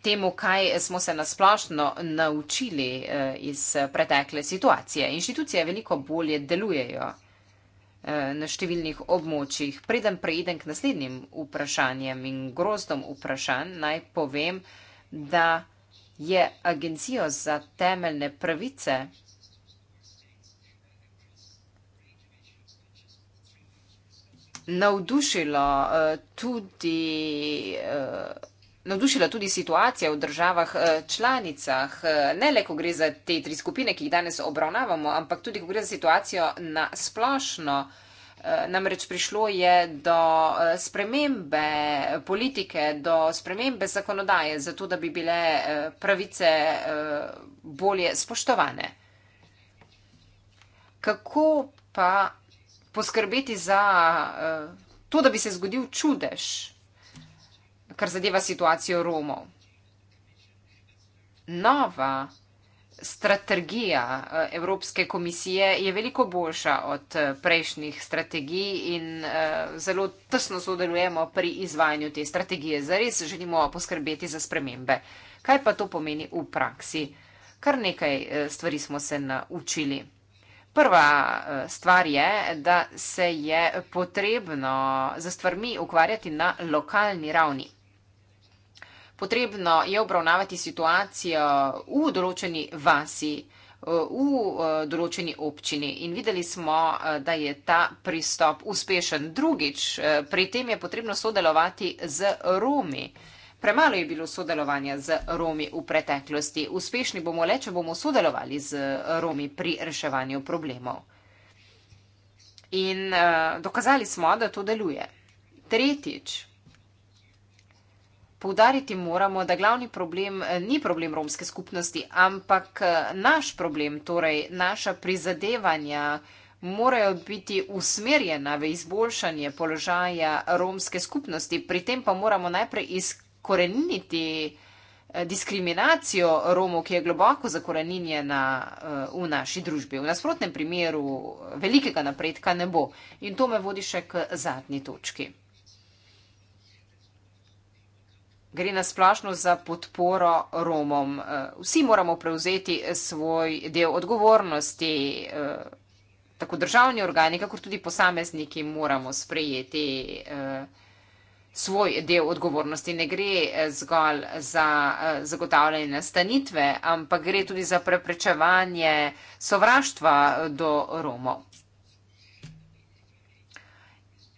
temu, kaj smo se nasplošno naučili iz pretekle situacije. Inštitucije veliko bolje delujejo na številnih območjih. Preden prejdem k naslednjim vprašanjem in grozdom vprašanj, naj povem, da da je Agencijo za temeljne pravice navdušilo eh, tudi eh, navdušila tudi situacija v državah eh, članicah, ne le, ko gre za te tri skupine, ki jih danes obravnavamo, ampak tudi, ko gre za situacijo na splošno, Eh, namreč prišlo je do eh, spremembe politike, do spremembe zakonodaje, zato da bi bile eh, pravice bolje spoštovane. Kako pa poskrbeti za to, da bi se zgodil čudež, kar zadeva situacijo Romov? Nova strategija eh, Evropske komisije je veliko boljša od eh, prejšnjih strategij in eh, zelo tesno sodelujemo pri izvajanju te strategije. Zares želimo poskrbeti za spremembe. Kaj pa to pomeni v praksi? Kar nekaj stvari smo se naučili. Prva stvar je, da se je potrebno za stvarmi ukvarjati na lokalni ravni potrebno je obravnavati situacijo v določeni vasi, eh, v eh, določeni občini in videli smo, eh, da je ta pristop uspešen. Drugič, pri tem je potrebno sodelovati z Romi. Premalo je bilo sodelovanja z Romi v preteklosti. Uspešni bomo le, če bomo sodelovali z Romi pri reševanju problemov. In uh, dokazali smo, da to deluje. Tretjič, Poudariti moramo, da glavni problem eh, ni problem romske skupnosti, ampak eh, naš problem, torej naša prizadevanja, morajo biti usmerjena v izboljšanje položaja romske skupnosti. Pri tem pa moramo najprej izkoreniti eh, diskriminacijo Romov, ki je globoko zakoreninjena v naši družbi. V nasprotnem primeru velikega napredka ne bo. In to me vodi še k zadnji točki. gre nasplošno za podporo Romom. Eh, vsi moramo prevzeti eh, svoj del odgovornosti, eh, tako državni organi, kako tudi posamezniki moramo sprejeti svoj del odgovornosti. Ne gre zgolj za zagotavljanje nastanitve, ampak gre tudi za preprečevanje sovraštva do Romov.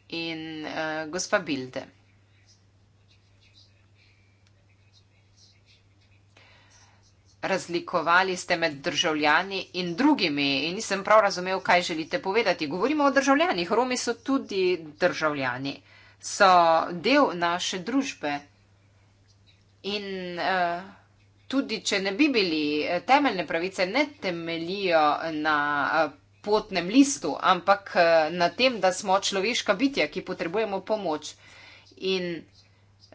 In uh, gospa Bilde. razlikovali ste med državljani in drugimi in nisem prav razumel, kaj želite povedati. Govorimo o državljanih. Romi so tudi državljani. So del naše družbe. In eh, tudi, če ne bi bili, eh, temeljne pravice ne temelijo na eh, potnem listu, ampak na tem, da smo človeška bitja, ki potrebujemo pomoč. In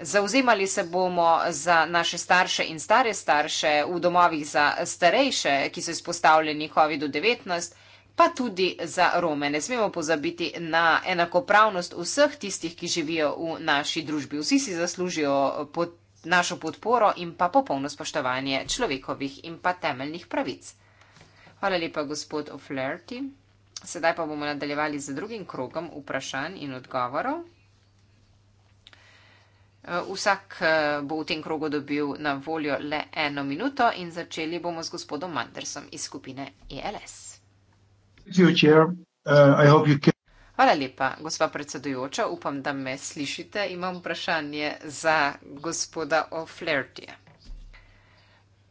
Zauzemali se bomo za naše starše in stare starše v domovih za starejše, ki so izpostavljeni COVID-19, pa tudi za Rome. Ne smemo pozabiti na enakopravnost vseh tistih, ki živijo v naši družbi. Vsi si zaslužijo pod našo podporo in pa popolno spoštovanje človekovih in pa temeljnih pravic. Hvala lepa, gospod O'Flaherty. Sedaj pa bomo nadaljevali z drugim krogom vprašanj in odgovorov. Eh, vsak eh, bo v tem krogu dobil na voljo le eno minuto in začeli bomo z gospodom Mandersom iz skupine ELS. Uh, Hvala lepa, gospa predsedujoča. Upam, da me slišite. Imam vprašanje za gospoda O'Flaherty-ja.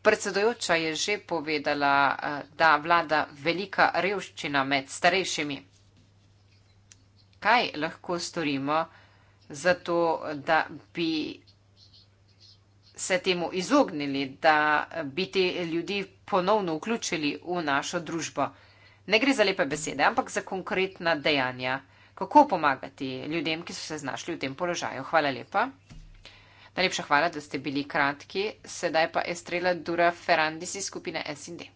Predsedujoča je že povedala, eh, da vlada velika revščina med starejšimi. Kaj lahko storimo? zato, da bi se temu izognili, da bi te ljudi ponovno vključili v našo družbo. Ne gre za lepe besede, ampak za konkretna dejanja. Kako pomagati ljudem, ki so se znašli v tem položaju? Hvala lepa. Najlepša hvala, da ste bili kratki. Sedaj pa Estrela Dura Ferrandis iz skupine SND.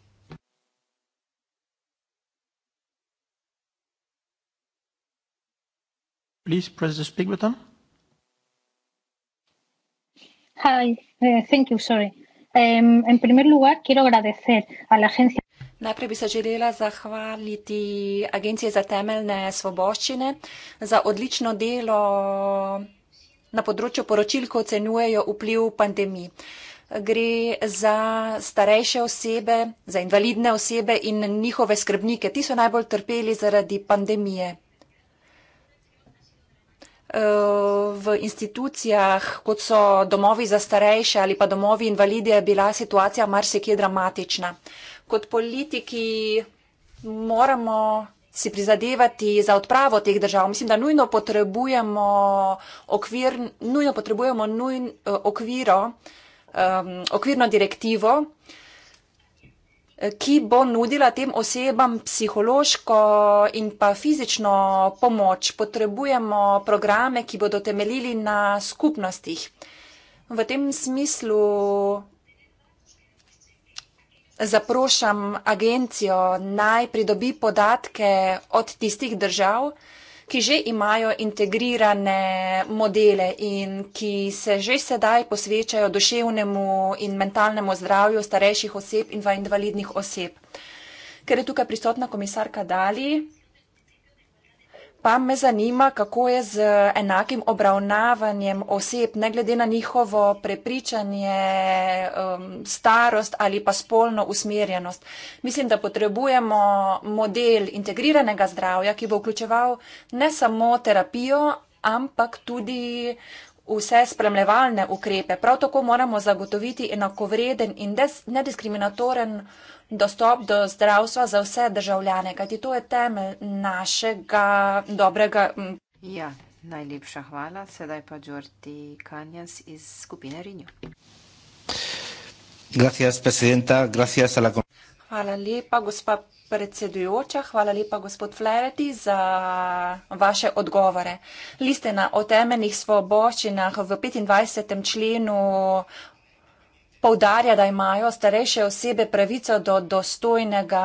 Please press the speak button. Hi, uh, thank you, sorry. Um, en primer lugar, quiero agradecer a la agencia. Najprej bi se želela zahvaliti Agenciji za temeljne svoboščine za odlično delo na področju poročil, ko ocenjujejo vpliv pandemije. Gre za starejše osebe, za invalidne osebe in njihove skrbnike. Ti so najbolj trpeli zaradi pandemije v institucijah, kot so domovi za starejše ali pa domovi invalidije, bila situacija marsikje dramatična. Kot politiki moramo si prizadevati za odpravo teh držav. Mislim, da nujno potrebujemo, okvir, nujno potrebujemo nujn, eh, okviro, um, okvirno direktivo, uh, ki bo nudila tem osebam psihološko in pa fizično pomoč. Potrebujemo programe, ki bodo temeljili na skupnostih. V tem smislu zaprošam agencijo naj pridobi podatke od tistih držav, ki že imajo integrirane modele in ki se že sedaj posvečajo duševnemu in mentalnemu zdravju starejših oseb in invalidnih oseb. Ker je tukaj prisotna komisarka Dali, pa me zanima, kako je z enakim obravnavanjem oseb, ne glede na njihovo prepričanje, um, starost ali pa spolno usmerjenost. Mislim, da potrebujemo model integriranega zdravja, ki bo vključeval ne samo terapijo, ampak tudi vse spremljevalne ukrepe. Prav tako moramo zagotoviti enakovreden in nediskriminatoren dostop do zdravstva za vse državljane, kajti to je temelj našega dobrega. Mm, ja, najlepša hvala. Sedaj pa Đorti Kanjas iz skupine Rinju. Hvala lepa, gospa predsedujoča, hvala lepa, gospod Flaherty, za vaše odgovore. Listena o temeljnih svoboščinah v 25. členu poudarja, da imajo starejše osebe pravico do dostojnega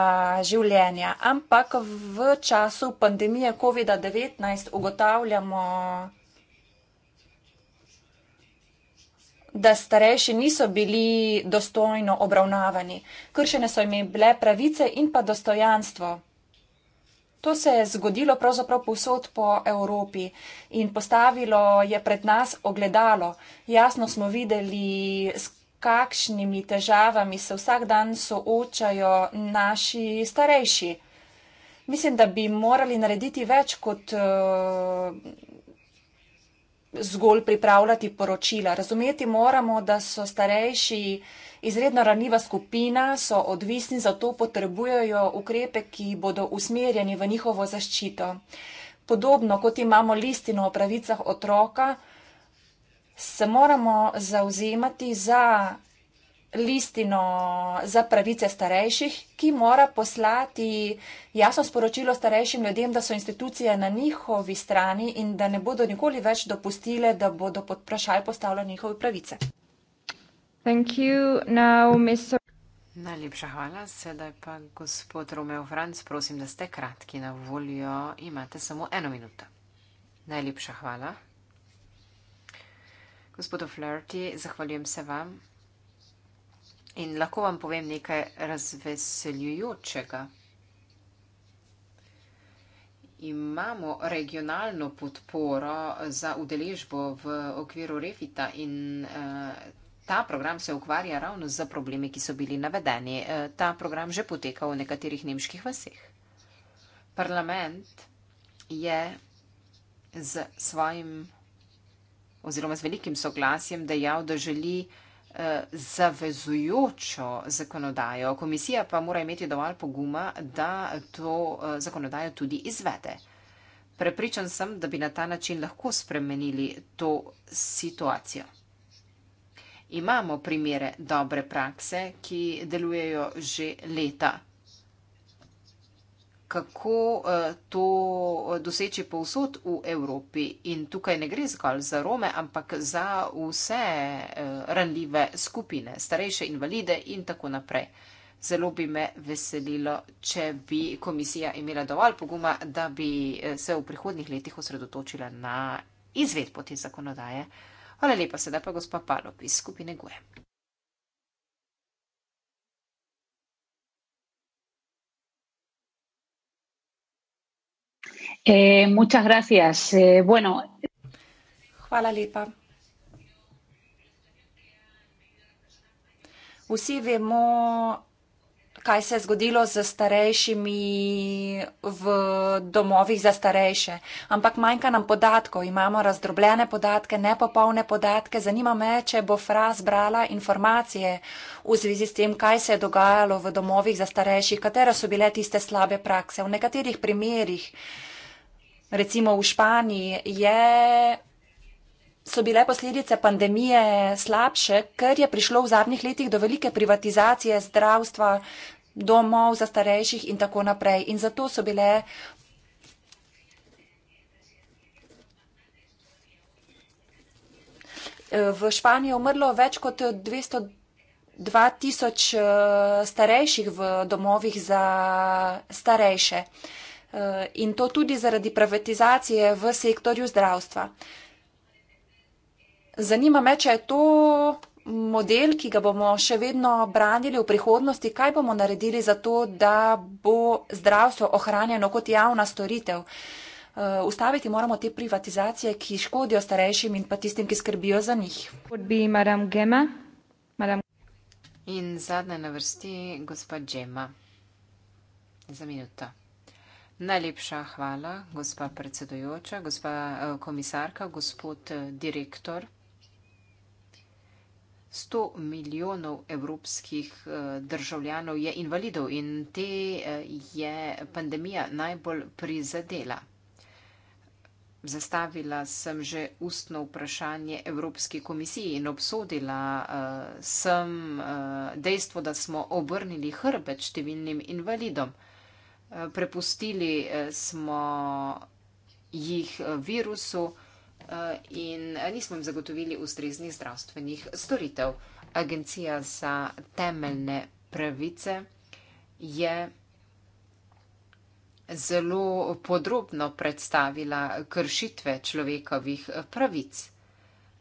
življenja. Ampak v času pandemije COVID-19 ugotavljamo, da starejši niso bili dostojno obravnavani. Kršene so imele pravice in pa dostojanstvo. To se je zgodilo pravzaprav povsod po Evropi in postavilo je pred nas ogledalo. Jasno smo videli, kakšnimi težavami se vsak dan soočajo naši starejši. Mislim, da bi morali narediti več kot uh, zgolj pripravljati poročila. Razumeti moramo, da so starejši izredno ranljiva skupina, so odvisni, zato potrebujejo ukrepe, ki bodo usmerjeni v njihovo zaščito. Podobno kot imamo listino o pravicah otroka, uh, se moramo zauzemati za listino za pravice starejših, ki mora poslati jasno sporočilo starejšim ljudem, da so institucije na njihovi strani in da ne bodo nikoli več dopustile, da bodo pod vprašaj postavljali njihove pravice. Now, Mr... Najlepša hvala. Sedaj pa gospod Romeo Franc, prosim, da ste kratki na voljo. Imate samo eno minuto. Najlepša hvala. Gospod Flirty, zahvaljujem se vam in lahko vam povem nekaj razveseljujočega. Imamo regionalno podporo za udeležbo v okviru Refita in eh, ta program se ukvarja ravno z problemi, ki so bili navedeni. Eh, ta program že poteka v nekaterih nemških vaseh. Parlament je z svojim oziroma z velikim soglasjem dejal, da želi eh, zavezujočo zakonodajo. Komisija pa mora imeti dovolj poguma, da to eh, zakonodajo tudi izvede. Prepričan sem, da bi na ta način lahko spremenili to situacijo. Imamo primere dobre prakse, ki delujejo že leta kako eh, to eh, doseči povsod v Evropi. In tukaj ne gre zgolj za Rome, ampak za vse eh, ranljive skupine, starejše invalide in tako naprej. Zelo bi me veselilo, če bi komisija imela dovolj poguma, da bi se v prihodnih letih osredotočila na izvedbo te zakonodaje. Hvala lepa, sedaj pa gospa Palop iz skupine GUE. Eh, muchas gracias. Eh, bueno. Hvala lepa. Vsi vemo, kaj se je zgodilo z starejšimi v domovih za starejše, ampak manjka nam podatkov. Imamo razdrobljene podatke, nepopolne podatke. Zanima me, če bo Fra zbrala informacije v zvezi s tem, kaj se je dogajalo v domovih za starejši, katera so bile tiste slabe prakse. V nekaterih primerjih recimo v Španiji, je, so bile posledice pandemije slabše, ker je prišlo v zadnjih letih do velike privatizacije zdravstva, domov za starejših in tako naprej. In zato so bile. V Španiji je umrlo več kot 202 tisoč eh, starejših v domovih za starejše. Uh, Eh, in to tudi zaradi privatizacije v sektorju zdravstva. Zanima me, če je to model, ki ga bomo še vedno branili v prihodnosti, kaj bomo naredili za to, da bo zdravstvo ohranjeno kot javna storitev. Eh, ustaviti moramo te privatizacije, ki škodijo starejšim in pa tistim, ki skrbijo za njih. In zadnja na vrsti, gospod Džema, za minuto. Najlepša hvala, gospa predsedujoča, gospa eh, komisarka, gospod eh, direktor. 100 milijonov evropskih eh, državljanov je invalidov in te je pandemija najbolj prizadela. Zastavila sem že ustno vprašanje Evropski komisiji in obsodila sem dejstvo, da smo obrnili hrbet številnim invalidom prepustili eh, smo jih eh, virusu eh, in nismo jim zagotovili ustreznih zdravstvenih storitev. Agencija za temeljne pravice je zelo podrobno predstavila kršitve človekovih pravic.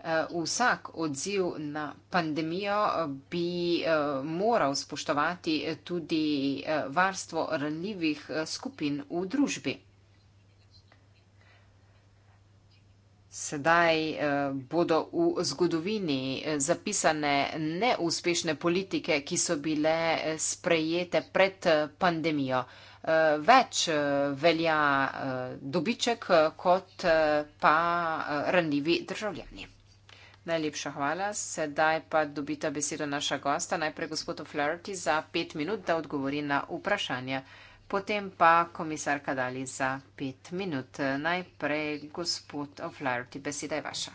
Eh, vsak odziv na pandemijo eh, bi eh, moral spoštovati tudi varstvo ranljivih skupin v družbi. Sedaj bodo v zgodovini zapisane neuspešne politike, ki so bile sprejete pred pandemijo. Več velja dobiček kot pa ranljivi državljani. Najlepša hvala. Sedaj pa dobita besedo naša gosta, najprej gospod O'Flaherty za pet minut, da odgovori na vprašanje. Potem pa komisarka Dali za pet minut. Najprej gospod O'Flaherty, beseda je vaša.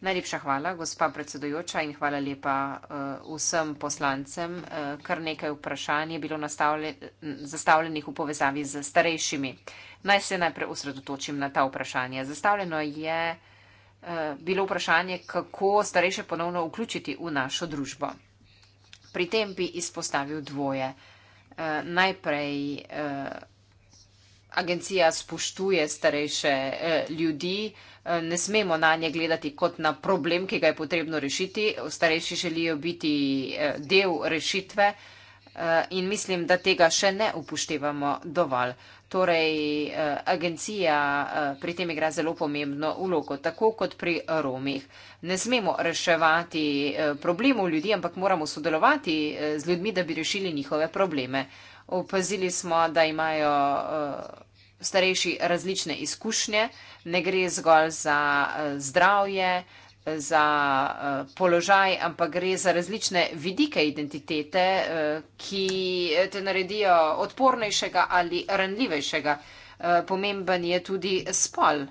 Najlepša hvala, gospa predsedojoča in hvala lepa uh, vsem poslancem. Uh, kar nekaj vprašanj je bilo zastavljenih v povezavi z starejšimi. Naj se najprej usredotočim na ta vprašanja. Zastavljeno je. Eh, bilo vprašanje, kako starejše ponovno vključiti v našo družbo. Pri tem bi izpostavil dvoje. Eh, najprej eh, agencija spoštuje starejše ljudi, ne smemo na nje gledati kot na problem, ki ga je potrebno rešiti. Starejši želijo biti del rešitve in mislim, da tega še ne upoštevamo dovolj. Torej, eh, agencija eh, pri tem igra zelo pomembno vlogo, tako kot pri Romih. Ne smemo reševati eh, problemov ljudi, ampak moramo sodelovati z ljudmi, da bi rešili njihove probleme. Opazili smo, da imajo starejši različne izkušnje, ne gre zgolj za zdravje, za eh, položaj, ampak gre za različne vidike identitete, eh, ki te naredijo odpornejšega ali ranljivejšega. Eh, pomemben je tudi spol.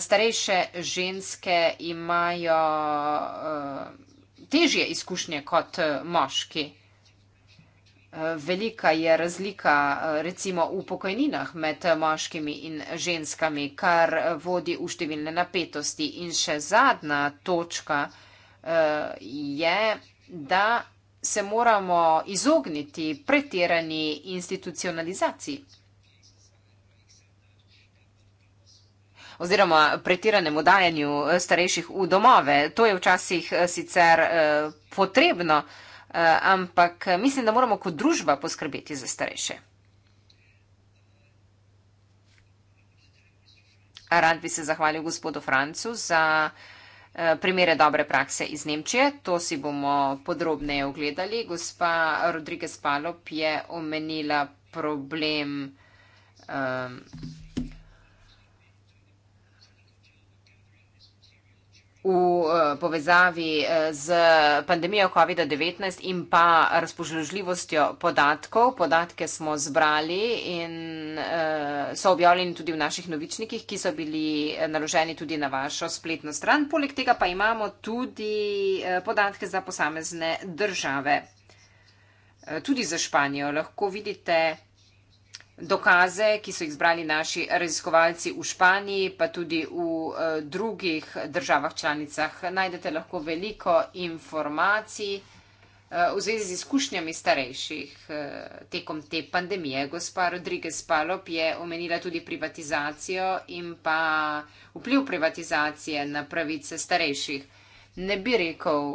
Starejše ženske imajo težje izkušnje kot moški velika je razlika recimo v pokojninah med moškimi in ženskami, kar vodi v številne napetosti. In še zadnja točka eh, je, da se moramo izogniti pretirani institucionalizaciji. oziroma pretiranemu dajanju eh, starejših v domove. To je včasih eh, sicer potrebno, Eh, ampak eh, mislim, da moramo kot družba poskrbeti za starejše. Rad bi se zahvalil gospodu Francu za eh, primere dobre prakse iz Nemčije. To si bomo podrobneje ogledali. Gospa Rodriguez Palop je omenila problem. Um, v eh, povezavi eh, z pandemijo COVID-19 in pa razpoložljivostjo podatkov. Podatke smo zbrali in eh, so objavljeni tudi v naših novičnikih, ki so bili naloženi tudi na vašo spletno stran. Poleg tega pa imamo tudi podatke za posamezne države. Tudi za Španijo lahko vidite dokaze, ki so jih zbrali naši raziskovalci v Španiji, pa tudi v eh, drugih državah članicah. Najdete lahko veliko informacij eh, v zvezi z izkušnjami starejših eh, tekom te pandemije. Gospa Rodriguez Palop je omenila tudi privatizacijo in pa vpliv privatizacije na pravice starejših. Ne bi rekel,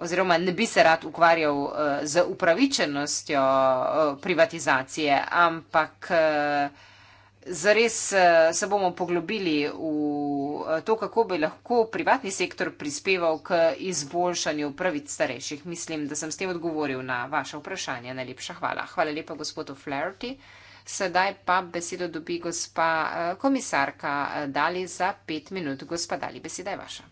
oziroma ne bi se rad ukvarjal uh, z upravičenostjo uh, privatizacije, ampak uh, zares uh, se bomo poglobili v uh, to, kako bi lahko privatni sektor prispeval k izboljšanju pravic starejših. Mislim, da sem s tem odgovoril na vaše vprašanje. Najlepša hvala. Hvala lepa, gospod Flaherty. Sedaj pa besedo dobi gospa komisarka Dali za pet minut. Gospa Dali, beseda je vaša.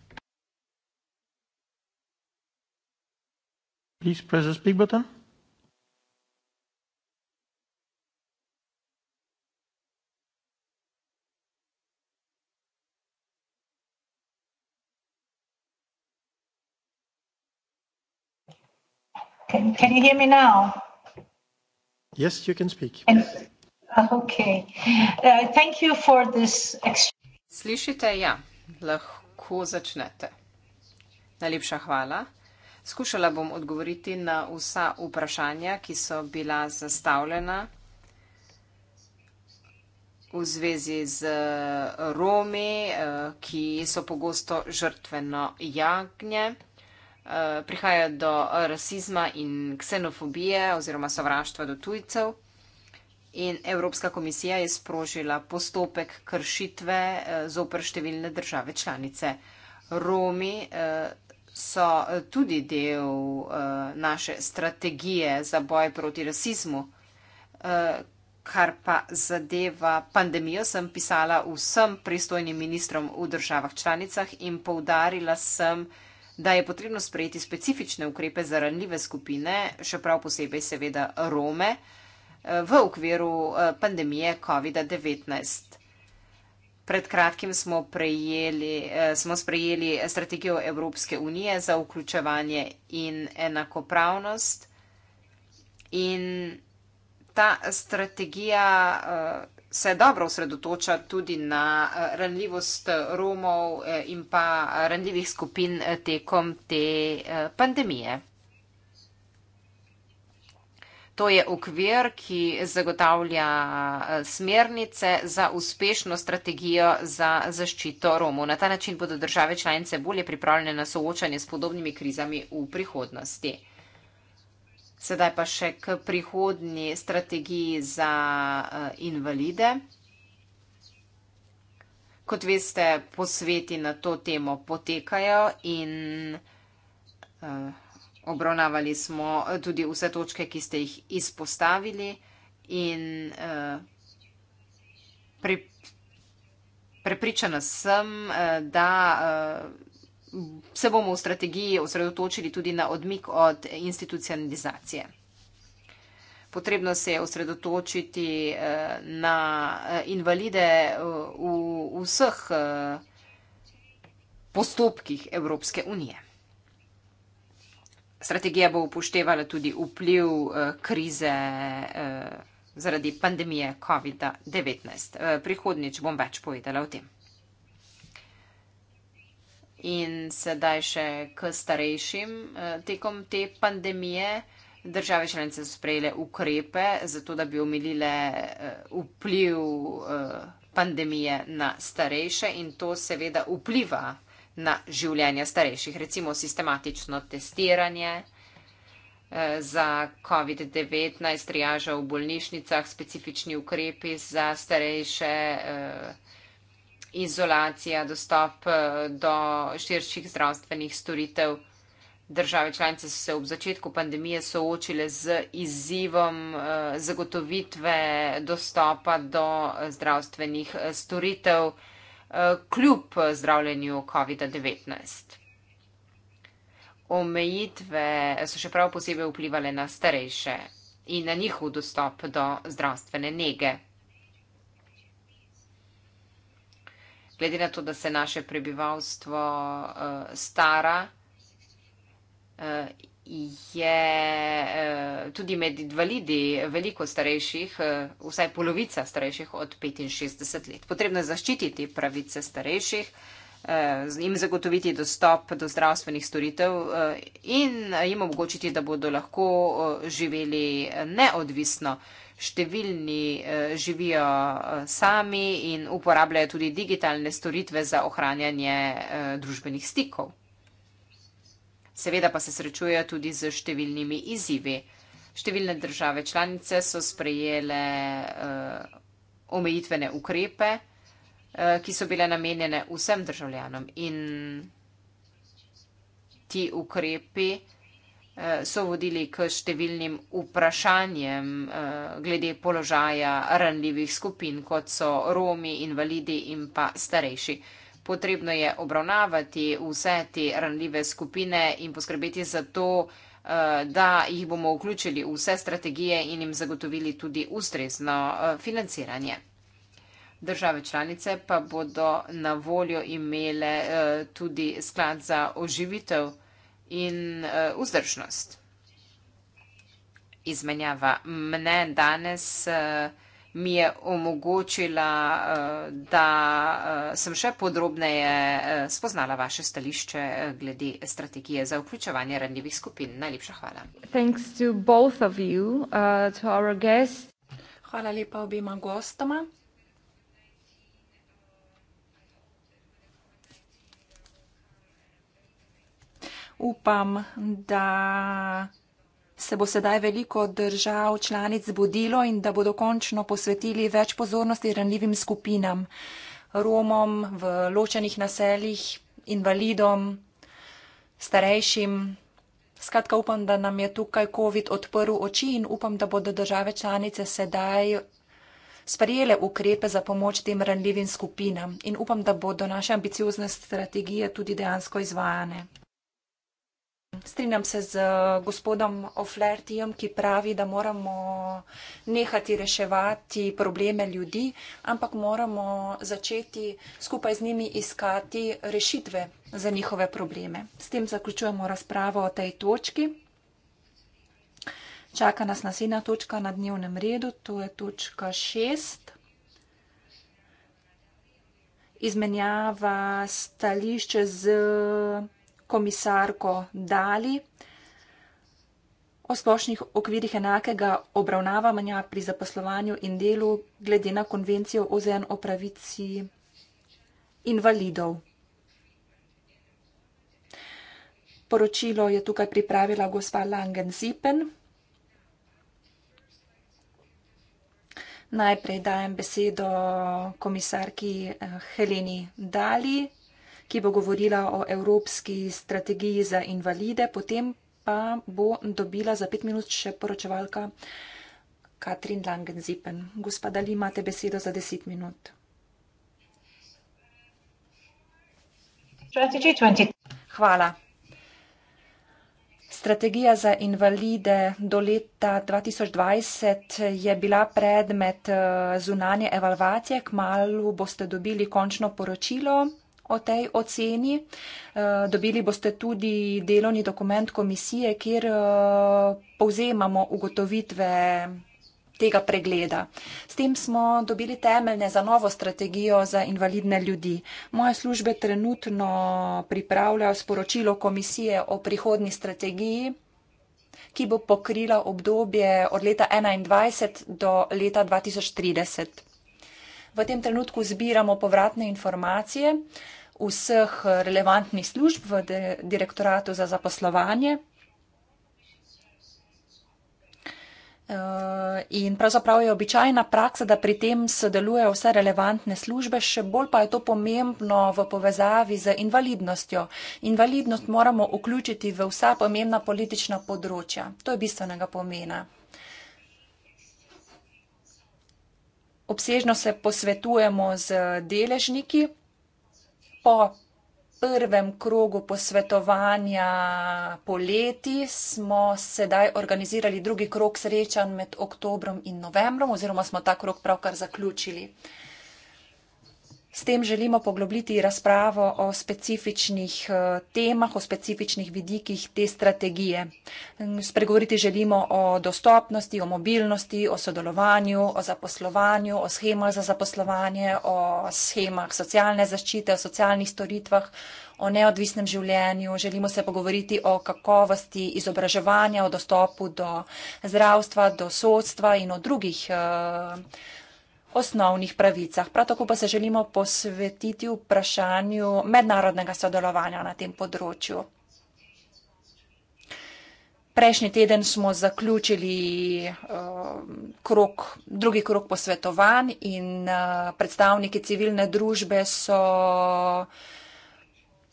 Please press the speak button. Can, can you hear me now? Yes, you can speak. And, uh, okay. Uh, thank you for this. Slišite, ja, lahko začnete. Najlepša hvala. Skušala bom odgovoriti na vsa vprašanja, ki so bila zastavljena v zvezi z eh, Romi, eh, ki so pogosto žrtveno jagnje. Eh, prihaja do rasizma in ksenofobije oziroma sovraštva do tujcev. In Evropska komisija je sprožila postopek kršitve zoper številne države članice. Romi so eh, tudi del uh, naše strategije za boj proti rasizmu. Uh, kar pa zadeva pandemijo, sem pisala vsem pristojnim ministrom v državah članicah in poudarila sem, da je potrebno sprejeti specifične ukrepe za ranljive skupine, še prav posebej seveda Rome, uh, v okviru uh, pandemije COVID-19. Pred kratkim smo, prejeli, eh, smo sprejeli strategijo Evropske unije za vključevanje in enakopravnost. In ta strategija eh, se dobro osredotoča tudi na eh, ranljivost Romov in pa ranljivih skupin tekom te pandemije. To je ukvir, ki zagotavlja eh, smernice za uspešno strategijo za zaščito Romov. Na ta način bodo države članice bolje pripravljene na soočanje s podobnimi krizami v prihodnosti. Sedaj pa še k prihodnji strategiji za eh, invalide. Kot veste, posveti na to temo potekajo in. Uh, Obravnavali smo eh, tudi vse točke, ki ste jih izpostavili in eh, pri, prepričana sem, eh, da se bomo v strategiji osredotočili tudi na odmik od institucionalizacije. Potrebno se je osredotočiti na invalide v vseh postopkih Evropske unije strategija bo upoštevala tudi vpliv uh, krize uh, zaradi pandemije COVID-19. Uh, eh, prihodnič bom več povedala o tem. In sedaj še k starejšim. Uh, tekom te pandemije države članice so sprejele ukrepe, zato da bi omilile uh, vpliv uh, pandemije na starejše in to seveda vpliva na življenje starejših. Recimo sistematično testiranje eh, za COVID-19, triaža v bolnišnicah, specifični ukrepi za starejše, eh, izolacija, dostop eh, do širših zdravstvenih storitev. Države članice so se ob začetku pandemije soočile z izzivom zagotovitve dostopa do zdravstvenih storitev. Eh, kljub zdravljenju COVID-19. Omejitve so še prav posebej vplivali na starejše in na njihov dostop do zdravstvene nege. Glede na to, da se naše prebivalstvo eh, stara eh, je eh, tudi med invalidi veliko starejših, eh, vsaj polovica starejših od 65 let. Potrebno je zaščititi pravice starejših, eh, jim zagotoviti dostop do zdravstvenih storitev in jim omogočiti, da bodo lahko živeli neodvisno. Številni živijo sami in uporabljajo tudi digitalne storitve za ohranjanje družbenih stikov. Seveda pa se srečujejo tudi z številnimi izzivi. Številne države članice so sprejele uh, omejitvene ukrepe, uh, ki so bile namenjene vsem državljanom in ti ukrepi uh, so vodili k številnim vprašanjem uh, glede položaja ranljivih skupin, kot so Romi, invalidi in pa starejši. Uh, Potrebno je obravnavati vse te ranljive skupine in poskrbeti za to, eh, da jih bomo vključili v vse strategije in jim zagotovili tudi ustrezno eh, financiranje. Države članice pa bodo na voljo imele eh, tudi sklad za oživitev in vzdržnost. Izmenjava mne danes vzdržnost mi je omogočila, eh, da eh, sem še podrobneje eh, spoznala vaše stališče glede strategije za vključevanje ranljivih skupin. Najlepša hvala. You, uh, hvala lepa obima gostoma. Upam, da se bo sedaj veliko držav članic zbudilo in da bodo končno posvetili več pozornosti ranljivim skupinam, Romom v ločenih naseljih, invalidom, starejšim. Skratka, upam, da nam je tukaj COVID odprl oči in upam, da bodo države članice sedaj sprejele ukrepe za pomoč tem ranljivim skupinam in upam, da bodo naše ambiciozne strategije tudi dejansko izvajane strinjam se z eh, gospodom Oflertijem, ki pravi, da moramo nehati reševati probleme ljudi, ampak moramo začeti skupaj z njimi iskati rešitve za njihove probleme. S tem zaključujemo razpravo o tej točki. Čaka nas naslednja točka na dnevnem redu, to je točka šest. Izmenjava stališče z komisarko Dali o splošnih okvirih enakega obravnavanja pri zaposlovanju in delu glede na konvencijo OZN o pravici invalidov. Poročilo je tukaj pripravila gospa Langen Zipen. Najprej dajem besedo komisarki eh, Heleni Dali ki bo govorila o evropski strategiji za invalide, potem pa bo dobila za pet minut še poročevalka Katrin Langenzipen. Gospoda Li, imate besedo za deset minut. Hvala. Strategija za invalide do leta 2020 je bila predmet eh, zunanje evalvacije. Kmalu boste dobili končno poročilo o tej oceni. Eh, dobili boste tudi delovni dokument komisije, kjer eh, povzemamo ugotovitve tega pregleda. S tem smo dobili temeljne za novo strategijo za invalidne ljudi. Moje službe trenutno pripravljajo sporočilo komisije o prihodni strategiji ki bo pokrila obdobje od leta 2021 do leta 2030. V tem trenutku zbiramo povratne informacije. Uh, vseh relevantnih služb v direktoratu za zaposlovanje. Eh, in pravzaprav je običajna praksa, da pri tem sodelujejo vse relevantne službe, še bolj pa je to pomembno v povezavi z invalidnostjo. Invalidnost moramo vključiti v vsa pomembna politična področja. To je bistvenega pomena. Obsežno se posvetujemo z deležniki po prvem krogu posvetovanja poleti smo sedaj organizirali drugi krog srečanj med oktobrom in novembrom oziroma smo ta krog pravkar zaključili. S tem želimo poglobiti razpravo o specifičnih eh, temah, o specifičnih vidikih te strategije. Spregovoriti želimo o dostopnosti, o mobilnosti, o sodelovanju, o zaposlovanju, o schemah za zaposlovanje, o schemah socialne zaščite, o socialnih storitvah, o neodvisnem življenju. Želimo se pogovoriti o kakovosti izobraževanja, o dostopu do zdravstva, do sodstva in o drugih. Uh, osnovnih pravicah. Prav tako pa se želimo posvetiti vprašanju mednarodnega sodelovanja na tem področju. Prejšnji teden smo zaključili eh, krok, drugi krok posvetovanj in eh, predstavniki civilne družbe so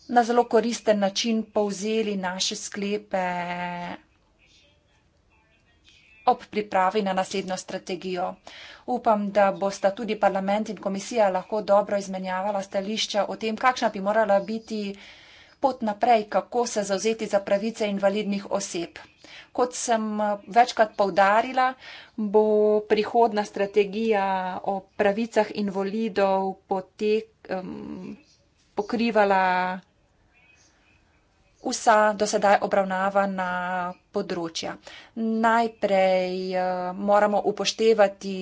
na zelo koristen način povzeli naše sklepe ob pripravi na naslednjo strategijo. Upam, da bosta tudi parlament in komisija lahko dobro izmenjavala stališča o tem, kakšna bi morala biti pot naprej, kako se zauzeti za pravice invalidnih oseb. Kot sem eh, večkrat povdarila, bo prihodna strategija o pravicah invalidov potek, um, pokrivala vsa dosedaj obravnavana področja. Najprej eh, moramo upoštevati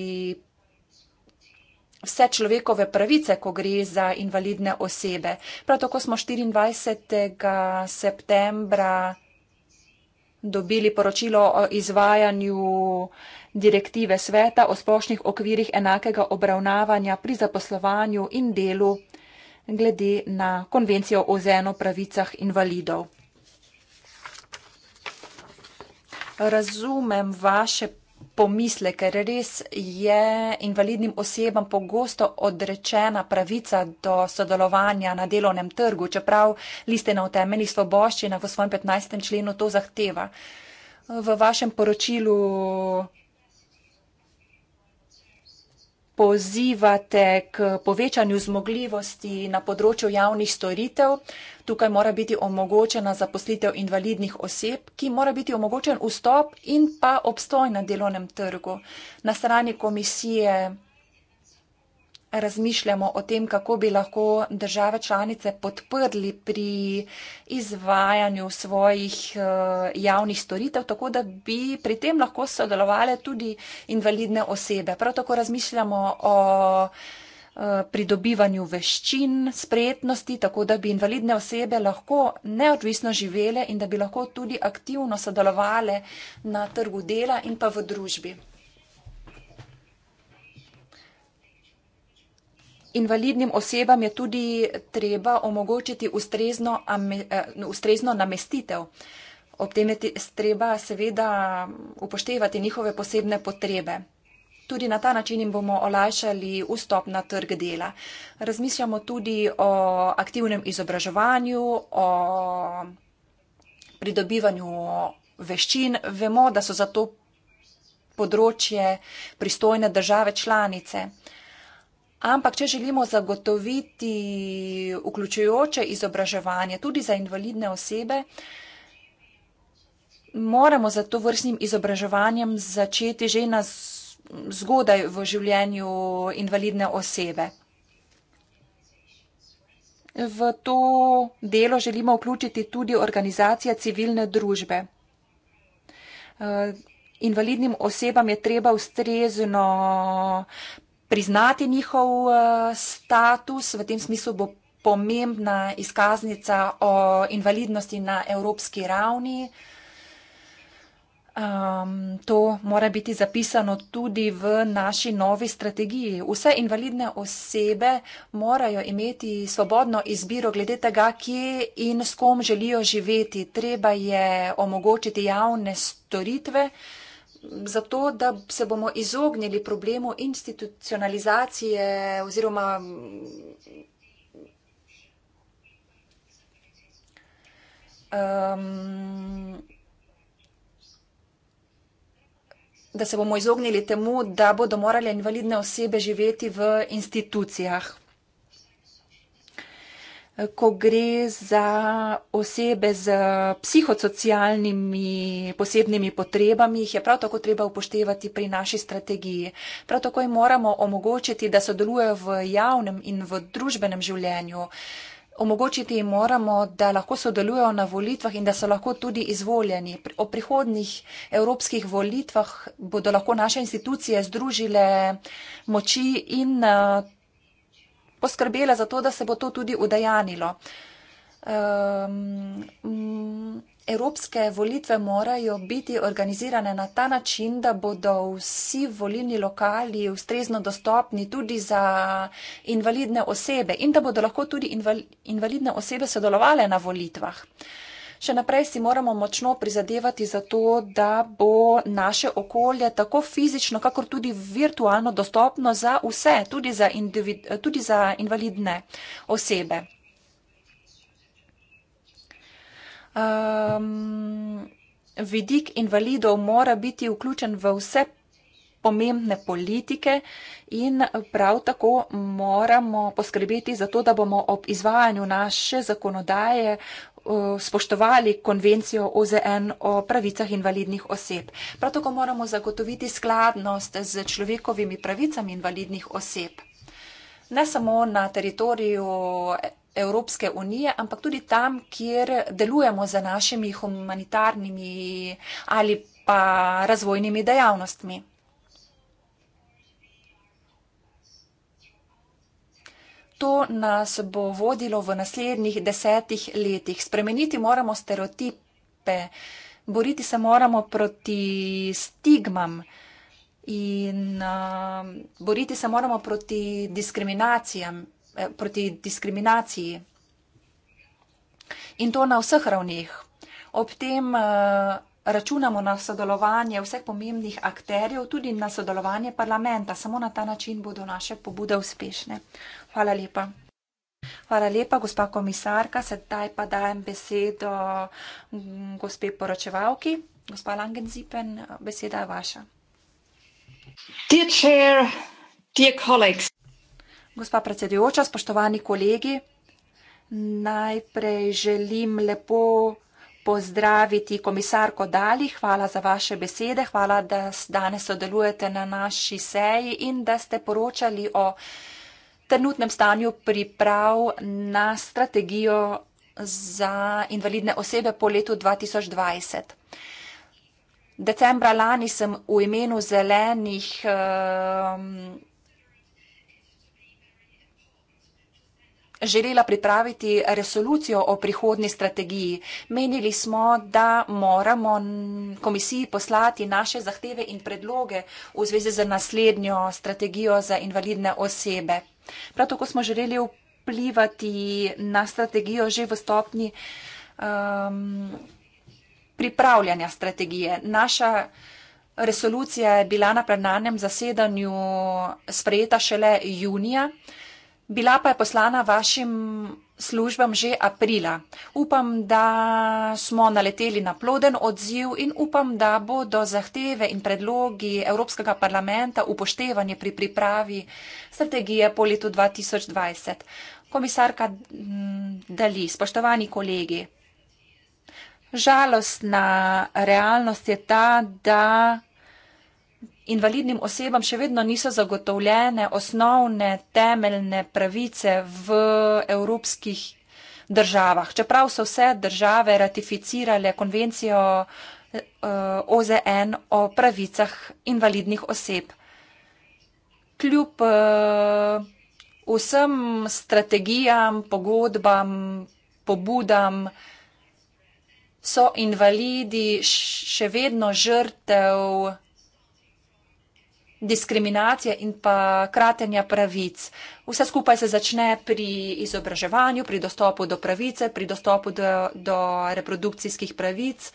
vse človekove pravice, ko gre za invalidne osebe. Prav tako smo 24. septembra dobili poročilo o izvajanju direktive sveta o splošnih okvirih enakega obravnavanja pri zaposlovanju in delu glede na konvencijo o ZN-u pravicah invalidov. Razumem vaše pomisle, ker res je invalidnim osebam pogosto odrečena pravica do sodelovanja na delovnem trgu, čeprav listena v temeljih svoboščina v svojem 15. členu to zahteva. V vašem poročilu pozivate k povečanju zmogljivosti na področju javnih storitev. Tukaj mora biti omogočena zaposlitev invalidnih oseb, ki mora biti omogočen vstop in pa obstoj na delovnem trgu. Na strani komisije razmišljamo o tem, kako bi lahko države članice podprli pri izvajanju svojih eh, javnih storitev, tako da bi pri tem lahko sodelovali tudi invalidne osebe. Prav tako razmišljamo o eh, pridobivanju veščin, spretnosti, tako da bi invalidne osebe lahko neodvisno živele in da bi lahko tudi aktivno sodelovali na trgu dela in pa v družbi. Invalidnim osebam je tudi treba omogočiti ustrezno, eh, ustrezno namestitev. Ob tem je treba seveda upoštevati njihove posebne potrebe. Tudi na ta način jim bomo olajšali vstop na trg dela. Razmišljamo tudi o aktivnem izobraževanju, o pridobivanju veščin. Vemo, da so za to področje pristojne države članice. Ampak, če želimo zagotoviti vključujoče izobraževanje tudi za invalidne osebe, moramo za to vrstnim izobraževanjem začeti že na zgodaj v življenju invalidne osebe. V to delo želimo vključiti tudi organizacije civilne družbe. Eh, invalidnim osebam je treba ustrezno priznati njihov eh, status, v tem smislu bo pomembna izkaznica o invalidnosti na evropski ravni. Um, to mora biti zapisano tudi v naši novi strategiji. Vse invalidne osebe morajo imeti svobodno izbiro glede tega, kje in s kom želijo živeti. Treba je omogočiti javne storitve. Uh, zato, da se bomo izognili problemu institucionalizacije oziroma um, da se bomo izognili temu, da bodo morale invalidne osebe živeti v institucijah ko gre za osebe z psihosocialnimi posebnimi potrebami, jih je prav tako treba upoštevati pri naši strategiji. Prav tako jim moramo omogočiti, da sodelujejo v javnem in v družbenem življenju. Omogočiti jim moramo, da lahko sodelujejo na volitvah in da so lahko tudi izvoljeni. O prihodnih evropskih volitvah bodo lahko naše institucije združile moči in eh, poskrbela za to, da se bo to tudi udajanilo. Um, ehm, evropske volitve morajo biti organizirane na ta način, da bodo vsi volilni lokali ustrezno dostopni tudi za invalidne osebe in da bodo lahko tudi invalidne osebe sodelovale na volitvah. Uh, Še naprej si moramo močno prizadevati za to, da bo naše okolje tako fizično, kakor tudi virtualno dostopno za vse, tudi za, tudi za invalidne osebe. Um, vidik invalidov mora biti vključen v vse pomembne politike in prav tako moramo poskrbeti za to, da bomo ob izvajanju naše zakonodaje Eh, spoštovali konvencijo OZN o pravicah invalidnih oseb. Prav tako moramo zagotoviti skladnost z človekovimi pravicami invalidnih oseb. Ne samo na teritoriju Evropske unije, ampak tudi tam, kjer delujemo za našimi humanitarnimi ali pa razvojnimi dejavnostmi. to nas bo vodilo v naslednjih desetih letih. Spremeniti moramo stereotipe, boriti se moramo proti stigmam in uh, boriti se moramo proti diskriminacijam, eh, proti diskriminaciji. In to na vseh ravneh. Ob tem uh, računamo na sodelovanje vseh pomembnih akterjev, tudi na sodelovanje parlamenta. Samo na ta način bodo naše pobude uspešne. Hvala lepa. Hvala lepa, gospa komisarka. Sedaj pa dajem besedo mm, gospe poročevalki. Gospa Langenzipen, beseda je vaša. Dear chair, dear colleagues. Gospa predsedujoča, spoštovani kolegi, najprej želim lepo pozdraviti komisarko Dali. Hvala za vaše besede, hvala, da danes sodelujete na naši seji in da ste poročali o trenutnem stanju priprav na strategijo za invalidne osebe po letu 2020. Decembra lani sem v imenu zelenih um, želela pripraviti resolucijo o prihodni strategiji. Menili smo, da moramo komisiji poslati naše zahteve in predloge v zvezi z naslednjo strategijo za invalidne osebe. Prav tako smo želeli vplivati na strategijo že v stopni um, pripravljanja strategije. Naša resolucija je bila na plenarnem zasedanju sprejeta šele junija, bila pa je poslana vašim službam že aprila. Upam, da smo naleteli na ploden odziv in upam, da bodo zahteve in predlogi Evropskega parlamenta upoštevanje pri pripravi strategije po letu 2020. Komisarka mm, Dali, spoštovani kolegi, žalostna realnost je ta, da invalidnim osebam še vedno niso zagotovljene osnovne temeljne pravice v evropskih državah. Čeprav so vse države ratificirale konvencijo eh, OZN o pravicah invalidnih oseb. Kljub eh, vsem strategijam, pogodbam, pobudam, so invalidi še vedno žrtev diskriminacije in pa kratenja pravic. Vse skupaj se začne pri izobraževanju, pri dostopu do pravice, pri dostopu do, do reprodukcijskih pravic.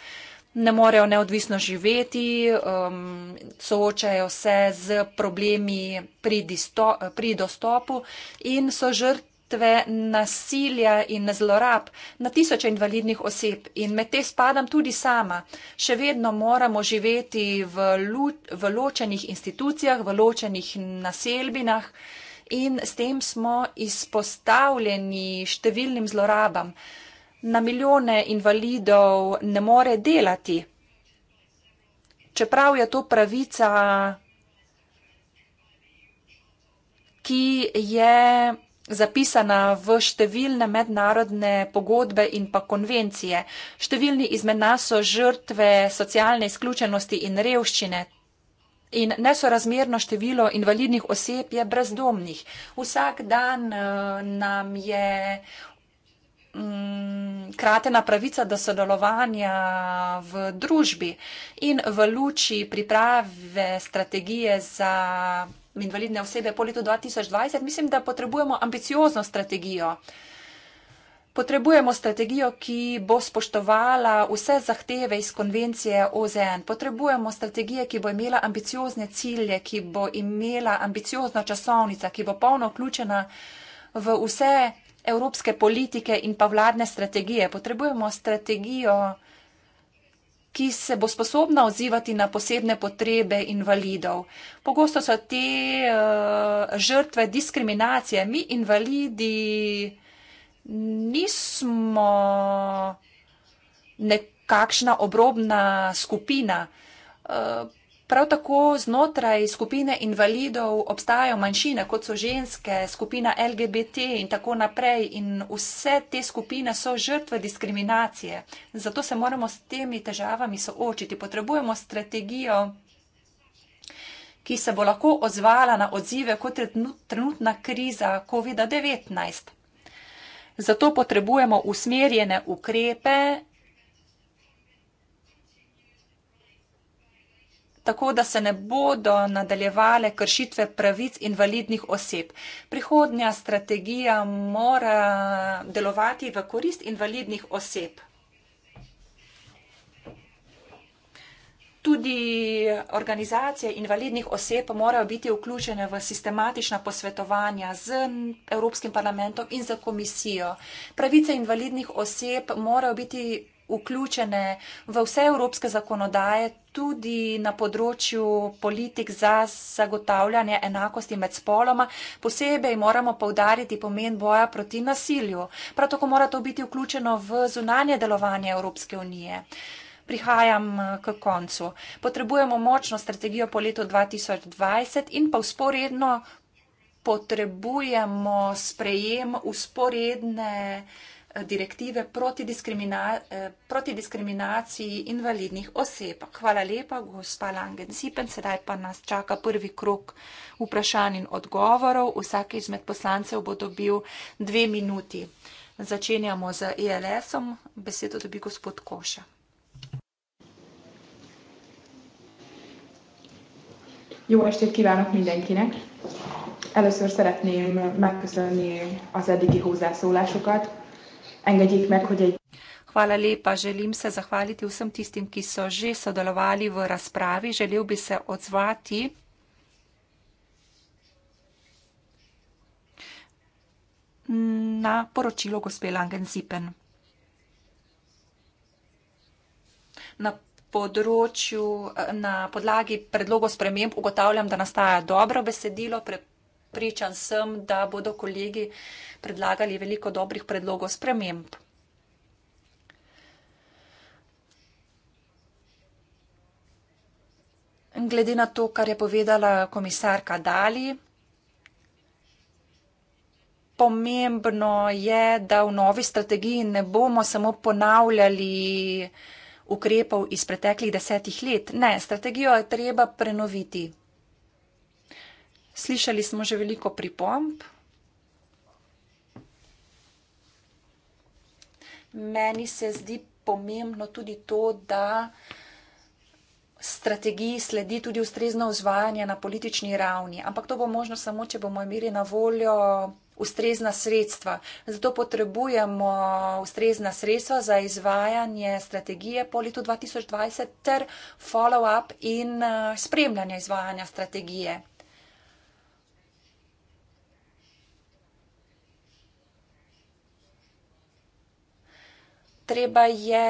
Ne morejo neodvisno živeti, um, soočajo se z problemi pri, disto, pri dostopu in so žrt, žrtve nasilja in zlorab na tisoče invalidnih oseb in med te spadam tudi sama. Še vedno moramo živeti v, v ločenih institucijah, v ločenih naselbinah in s tem smo izpostavljeni številnim zlorabam. Na milijone invalidov ne more delati. Čeprav je to pravica, ki je zapisana v številne mednarodne pogodbe in pa konvencije. Številni izmed nas so žrtve socialne izključenosti in revščine. In nesorazmerno število invalidnih oseb je brezdomnih. Vsak dan eh, nam je mm, kratena pravica do sodelovanja v družbi in v luči priprave strategije za invalidne osebe po letu 2020, mislim, da potrebujemo ambiciozno strategijo. Potrebujemo strategijo, ki bo spoštovala vse zahteve iz konvencije OZN. Potrebujemo strategijo, ki bo imela ambiciozne cilje, ki bo imela ambiciozno časovnico, ki bo polno vključena v vse evropske politike in pa vladne strategije. Potrebujemo strategijo, ki se bo sposobna odzivati na posebne potrebe invalidov. Pogosto so te uh, žrtve diskriminacije. Mi invalidi nismo nekakšna obrobna skupina. Uh, Prav tako znotraj skupine invalidov obstajajo manjšine, kot so ženske, skupina LGBT in tako naprej. In vse te skupine so žrtve diskriminacije. Zato se moramo s temi težavami soočiti. Potrebujemo strategijo, ki se bo lahko odzvala na odzive kot trenutna kriza COVID-19. Zato potrebujemo usmerjene ukrepe tako da se ne bodo nadaljevale kršitve pravic invalidnih oseb. Prihodnja strategija mora delovati v korist invalidnih oseb. Tudi organizacije invalidnih oseb morajo biti vključene v sistematična posvetovanja z Evropskim parlamentom in z komisijo. Pravice invalidnih oseb morajo biti vključene v vse evropske zakonodaje, tudi na področju politik za zagotavljanje enakosti med spoloma. Posebej moramo povdariti pomen boja proti nasilju. Prav tako mora to biti vključeno v zunanje delovanje Evropske unije. Prihajam eh, k koncu. Potrebujemo močno strategijo po letu 2020 in pa usporedno potrebujemo sprejem usporedne strategije direktive proti, diskrimina, eh, proti diskriminaciji invalidnih oseb. Hvala lepa, gospa Langen Sipen. Sedaj pa nas čaka prvi krok vprašanj in odgovorov. Vsak izmed poslancev bo dobil dve minuti. Začenjamo z ILS-om. E Besedo dobi gospod Koša. Jó estét kívánok mindenkinek! Először szeretném megköszönni az eddigi hozzászólásokat engedjék meg, hogy egy Hvala lepa. Želim se zahvaliti vsem tistim, ki so že sodelovali v razpravi. Želel bi se odzvati. Na poročilo gospe Langenzipen. Na področju, na podlagi predlogo sprememb ugotavljam, da nastaja dobro besedilo. Pre pričan sem, da bodo kolegi predlagali veliko dobrih predlogov sprememb. Glede na to, kar je povedala komisarka Dali, pomembno je, da v novi strategiji ne bomo samo ponavljali ukrepov iz preteklih desetih let. Ne, strategijo je treba prenoviti. Slišali smo že veliko pripomb. Meni se zdi pomembno tudi to, da strategiji sledi tudi ustrezno vzvajanje na politični ravni. Ampak to bo možno samo, če bomo imeli na voljo ustrezna sredstva. Zato potrebujemo ustrezna sredstva za izvajanje strategije po letu 2020 ter follow-up in eh, spremljanje izvajanja strategije. treba je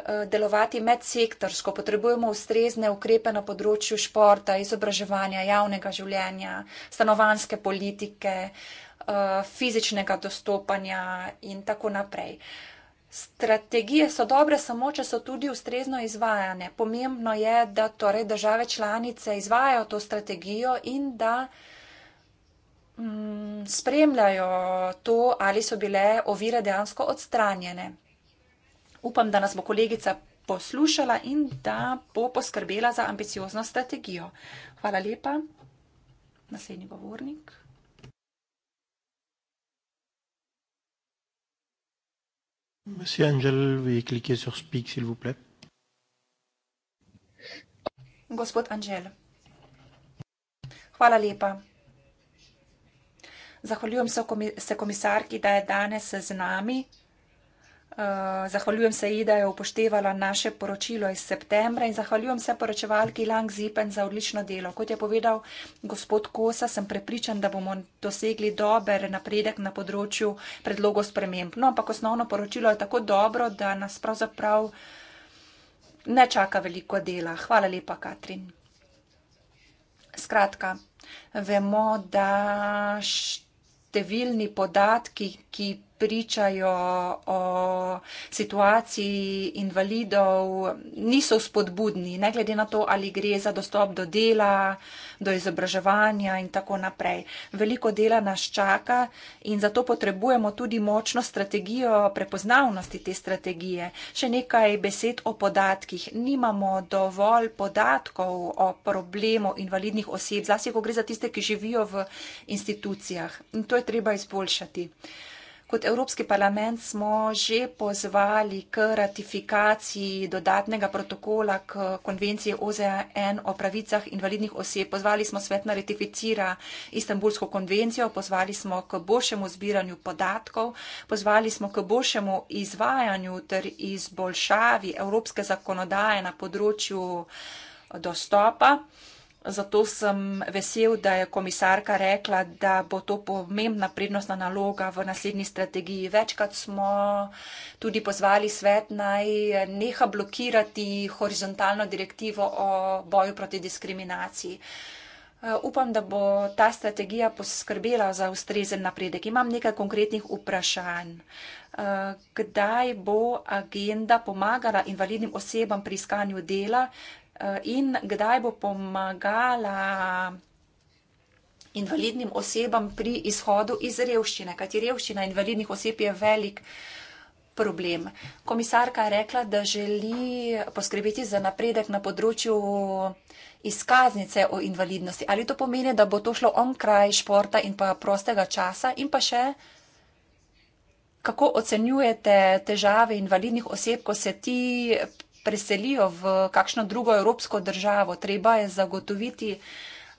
eh, delovati medsektorsko, potrebujemo ustrezne ukrepe na področju športa, izobraževanja, javnega življenja, stanovanske politike, eh, fizičnega dostopanja in tako naprej. Strategije so dobre samo, če so tudi ustrezno izvajane. Pomembno je, da torej države članice izvajajo to strategijo in da mm, spremljajo to, ali so bile ovire dejansko odstranjene. Upam, da nas bo kolegica poslušala in da bo poskrbela za ambiciozno strategijo. Hvala lepa. Naslednji govornik. Monsieur Angel, veuillez cliquer sur Speak, s'il vous plaît. Gospod Angel, hvala lepa. Zahvaljujem se komisarki, da je danes z nami. Eh, zahvaljujem se ji, da je upoštevala naše poročilo iz septembra in zahvaljujem se poročevalki Lang Zipen za odlično delo. Kot je povedal gospod Kosa, sem prepričan, da bomo dosegli dober napredek na področju predlogov sprememb. No, ampak osnovno poročilo je tako dobro, da nas pravzaprav ne čaka veliko dela. Hvala lepa, Katrin. Skratka, vemo, da številni podatki, ki pričajo o situaciji invalidov, niso spodbudni, ne glede na to, ali gre za dostop do dela, do izobraževanja in tako naprej. Veliko dela nas čaka in zato potrebujemo tudi močno strategijo prepoznavnosti te strategije. Še nekaj besed o podatkih. Nimamo dovolj podatkov o problemu invalidnih oseb, zlasti, ko gre za tiste, ki živijo v institucijah. In to je treba izboljšati. Kot Evropski parlament smo že pozvali k ratifikaciji dodatnega protokola k konvenciji OZN o pravicah invalidnih oseb. Pozvali smo svet na ratificira Istanbulsko konvencijo, pozvali smo k boljšemu zbiranju podatkov, pozvali smo k boljšemu izvajanju ter izboljšavi evropske zakonodaje na področju dostopa. Zato sem vesel, da je komisarka rekla, da bo to pomembna prednostna naloga v naslednji strategiji. Večkrat smo tudi pozvali svet naj neha blokirati horizontalno direktivo o boju proti diskriminaciji. Eh, upam, da bo ta strategija poskrbela za ustrezen napredek. Imam nekaj konkretnih vprašanj. Eh, kdaj bo agenda pomagala invalidnim osebam pri iskanju dela, Eh, in kdaj bo pomagala invalidnim osebam pri izhodu iz revščine, kajti revščina invalidnih oseb je velik problem. Komisarka je rekla, da želi poskrbeti za napredek na področju izkaznice o invalidnosti. Ali to pomeni, da bo to šlo onkraj športa in pa prostega časa in pa še. Kako ocenjujete težave invalidnih oseb, ko se ti preselijo v kakšno drugo evropsko državo. Treba je zagotoviti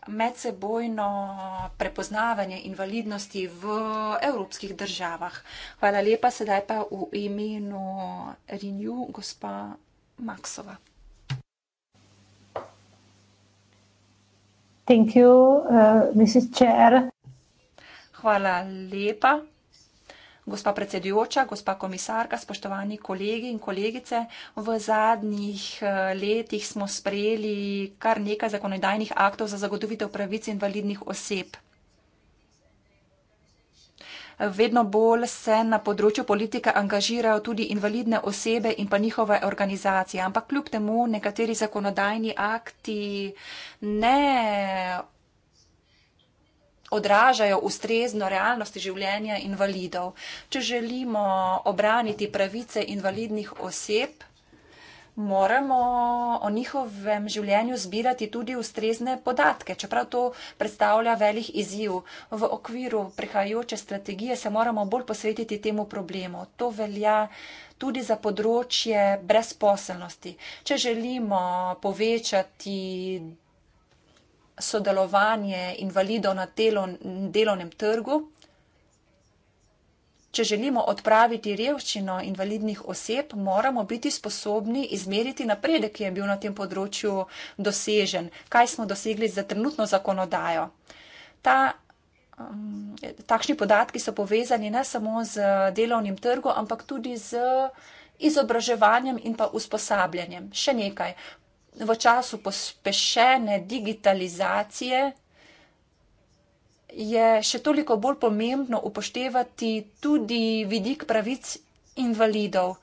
medsebojno prepoznavanje invalidnosti v evropskih državah. Hvala lepa, sedaj pa v imenu Renew, gospa Maksova. Thank you, uh, Mrs. Chair. Hvala lepa. Gospa predsedujoča, gospa komisarka, spoštovani kolegi in kolegice, v zadnjih eh, letih smo sprejeli kar nekaj zakonodajnih aktov za zagotovitev pravic invalidnih oseb. Vedno bolj se na področju politike angažirajo tudi invalidne osebe in pa njihove organizacije, ampak kljub temu nekateri zakonodajni akti ne odražajo ustrezno realnosti življenja invalidov. Če želimo obraniti pravice invalidnih oseb, moramo o njihovem življenju zbirati tudi ustrezne podatke, čeprav to predstavlja velik izziv. V okviru prihajajoče strategije se moramo bolj posvetiti temu problemu. To velja tudi za področje brezposelnosti. Če želimo povečati sodelovanje invalidov na delovnem trgu, če želimo odpraviti revščino invalidnih oseb, moramo biti sposobni izmeriti napredek, ki je bil na tem področju dosežen, kaj smo dosegli za trenutno zakonodajo. Ta um, Takšni podatki so povezani ne samo z delovnim trgom, ampak tudi z izobraževanjem in pa usposabljanjem. Še nekaj v času pospešene digitalizacije je še toliko bolj pomembno upoštevati tudi vidik pravic invalidov.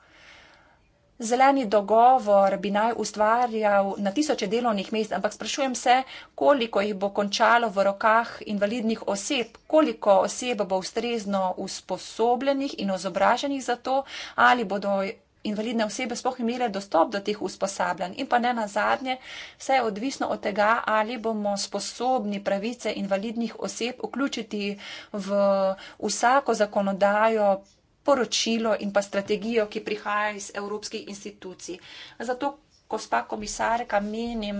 Zeleni dogovor bi naj ustvarjal na tisoče delovnih mest, ampak sprašujem se, koliko jih bo končalo v rokah invalidnih oseb, koliko oseb bo ustrezno usposobljenih in ozobraženih za to, ali bodo invalidne osebe sploh imele dostop do teh usposabljanj. In pa ne na zadnje, vse je odvisno od tega, ali bomo sposobni pravice invalidnih oseb vključiti v vsako zakonodajo poročilo in pa strategijo, ki prihaja iz evropskih institucij. Zato, gospa komisarka, menim,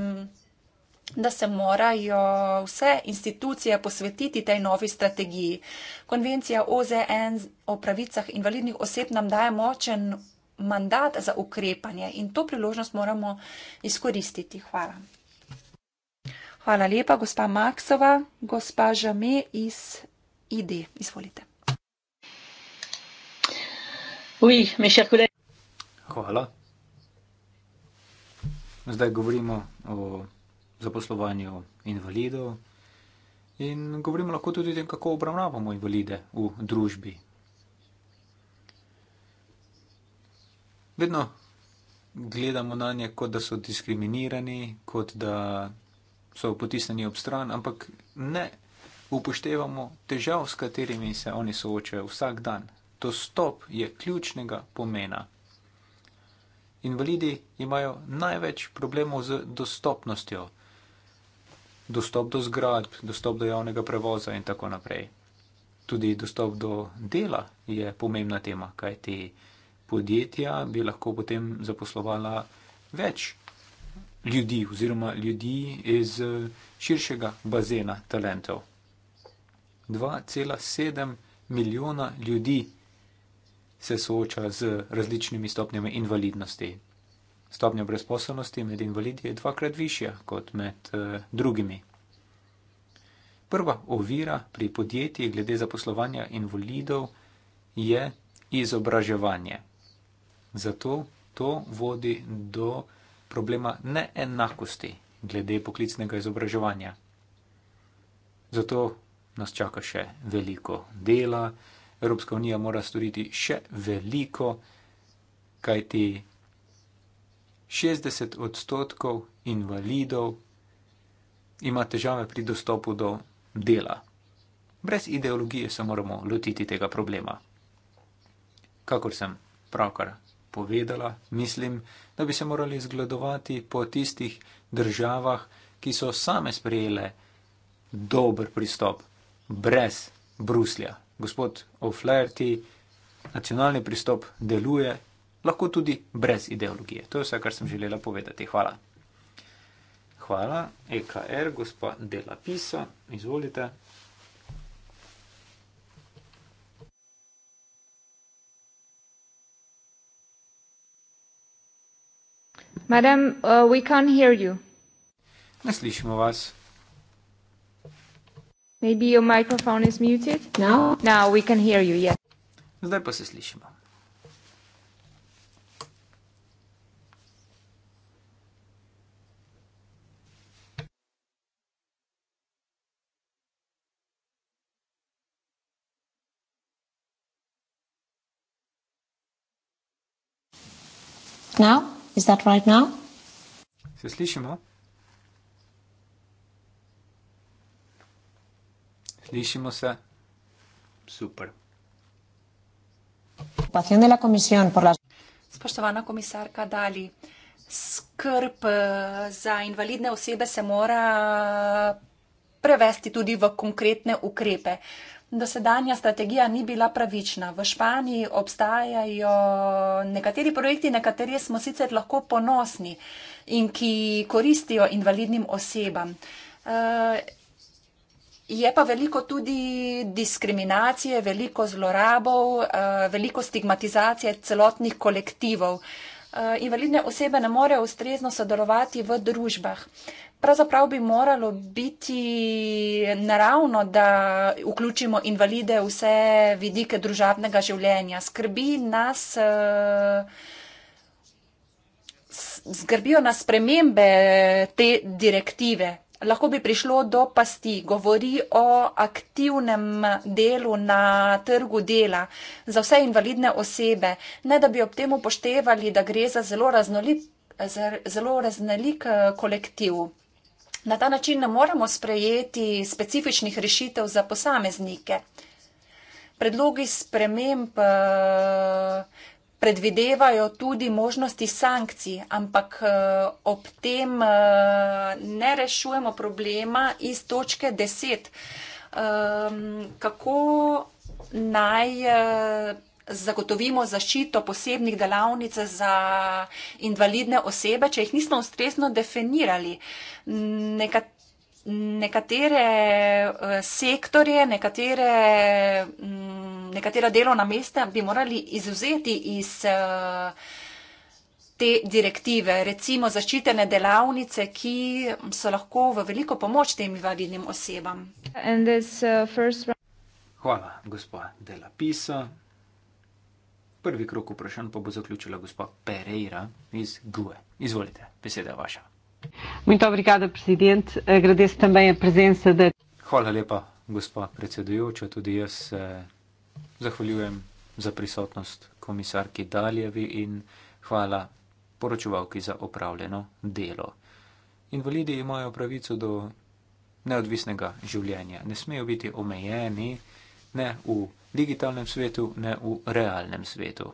da se morajo vse institucije posvetiti tej novi strategiji. Konvencija OZN o pravicah invalidnih oseb nam daje močen mandat za ukrepanje in to priložnost moramo izkoristiti. Hvala. Hvala lepa, gospa Maksova, gospa Žame iz ID. Izvolite. Oui, Hvala. Zdaj govorimo o zaposlovanju invalidov in govorimo lahko tudi o tem, kako obravnavamo invalide v družbi. vedno gledamo na nje, kot da so diskriminirani, kot da so potisnjeni ob stran, ampak ne upoštevamo težav, s katerimi se oni soočajo vsak dan. Dostop je ključnega pomena. Invalidi imajo največ problemov z dostopnostjo. Dostop do zgradb, dostop do javnega prevoza in tako naprej. Tudi dostop do dela je pomembna tema, kajti podjetja bi lahko potem zaposlovala več ljudi oziroma ljudi iz eh, širšega bazena talentov. 2,7 milijona ljudi se sooča z različnimi stopnjami invalidnosti. Stopnja brezposobnosti med invalidi je dvakrat višja kot med eh, drugimi. Prva ovira pri podjetjih glede zaposlovanja invalidov je izobraževanje. Zato to vodi do problema neenakosti glede poklicnega izobraževanja. Zato nas čaka še veliko dela, Evropska unija mora storiti še veliko, kajti 60 odstotkov invalidov ima težave pri dostopu do dela. Brez ideologije se moramo lotiti tega problema. Kakor sem pravkar povedala, mislim, da bi se morali zgledovati po tistih državah, ki so same sprejele dober pristop, brez Bruslja. Gospod O'Flaherty, nacionalni pristop deluje, lahko tudi brez ideologije. To je vse, kar sem želela povedati. Hvala. Hvala, EKR, er, gospa Dela Pisa, izvolite. Madam, uh, we can't hear you. Ne slišimo vas. Maybe your microphone is muted. Now? Now we can hear you, yes. Zdaj pa se slišimo. Now? Is that right now? Se slišimo? Slišimo se. Super. Spoštovana komisarka Dali, skrb eh, za invalidne osebe se mora eh, prevesti tudi v konkretne ukrepe dosedanja strategija ni bila pravična. V Španiji obstajajo nekateri projekti, na katere smo sicer lahko ponosni in ki koristijo invalidnim osebam. Eh, je pa veliko tudi diskriminacije, veliko zlorabov, eh, veliko stigmatizacije celotnih kolektivov. Eh, invalidne osebe ne morejo ustrezno sodelovati v družbah pravzaprav bi moralo biti naravno, da vključimo invalide v vse vidike družabnega življenja. Skrbi nas. Zgrbijo eh, nas spremembe te direktive. Lahko bi prišlo do pasti. Govori o aktivnem delu na trgu dela za vse invalidne osebe. Ne, da bi ob tem upoštevali, da gre za zelo raznolik, zelo raznolik eh, kolektiv. Na ta način ne moremo sprejeti specifičnih rešitev za posameznike. Predlogi sprememb eh, predvidevajo tudi možnosti sankcij, ampak eh, ob tem eh, ne rešujemo problema iz točke 10. Ehm, kako naj zagotovimo zaščito posebnih delavnic za invalidne osebe, če jih nismo ustrezno definirali. Neka, nekatere eh, sektorje, nekatere, mm, nekatera delovna mesta bi morali izuzeti iz eh, te direktive, recimo zaščitene delavnice, ki so lahko v veliko pomoč tem invalidnim osebam. Uh, Hvala, gospod Delapiso. Prvi krok vprašanj pa bo zaključila gospa Pereira iz GUE. Izvolite, beseda je vaša. Muito obrigada, predsednik. Agradeço também a presença da. Hvala lepa, gospa predsedujoča. Tudi jaz se eh, zahvaljujem za prisotnost komisarki Daljevi in hvala poročevalki za opravljeno delo. Invalidi imajo pravico do neodvisnega življenja. Ne smejo biti omejeni ne v digitalnem svetu, ne v realnem svetu.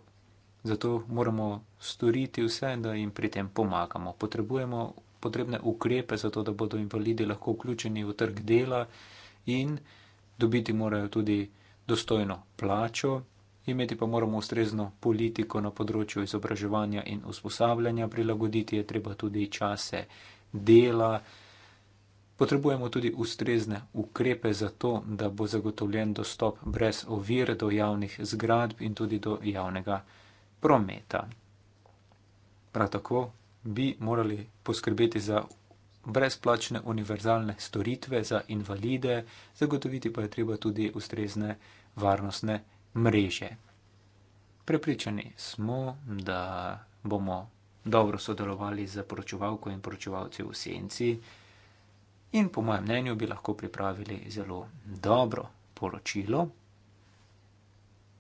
Zato moramo storiti vse, da jim pri tem pomagamo. Potrebujemo potrebne ukrepe, zato da bodo invalidi lahko vključeni v trg dela in dobiti morajo tudi dostojno plačo, imeti pa moramo ustrezno politiko na področju izobraževanja in usposabljanja, prilagoditi je treba tudi čase dela. Potrebujemo tudi ustrezne ukrepe za to, da bo zagotovljen dostop brez ovir do javnih zgradb in tudi do javnega prometa. Prav tako bi morali poskrbeti za brezplačne univerzalne storitve za invalide, zagotoviti pa je treba tudi ustrezne varnostne mreže. Prepričani smo, da bomo dobro sodelovali z poročevalko in poročevalci v senci in po mojem mnenju bi lahko pripravili zelo dobro poročilo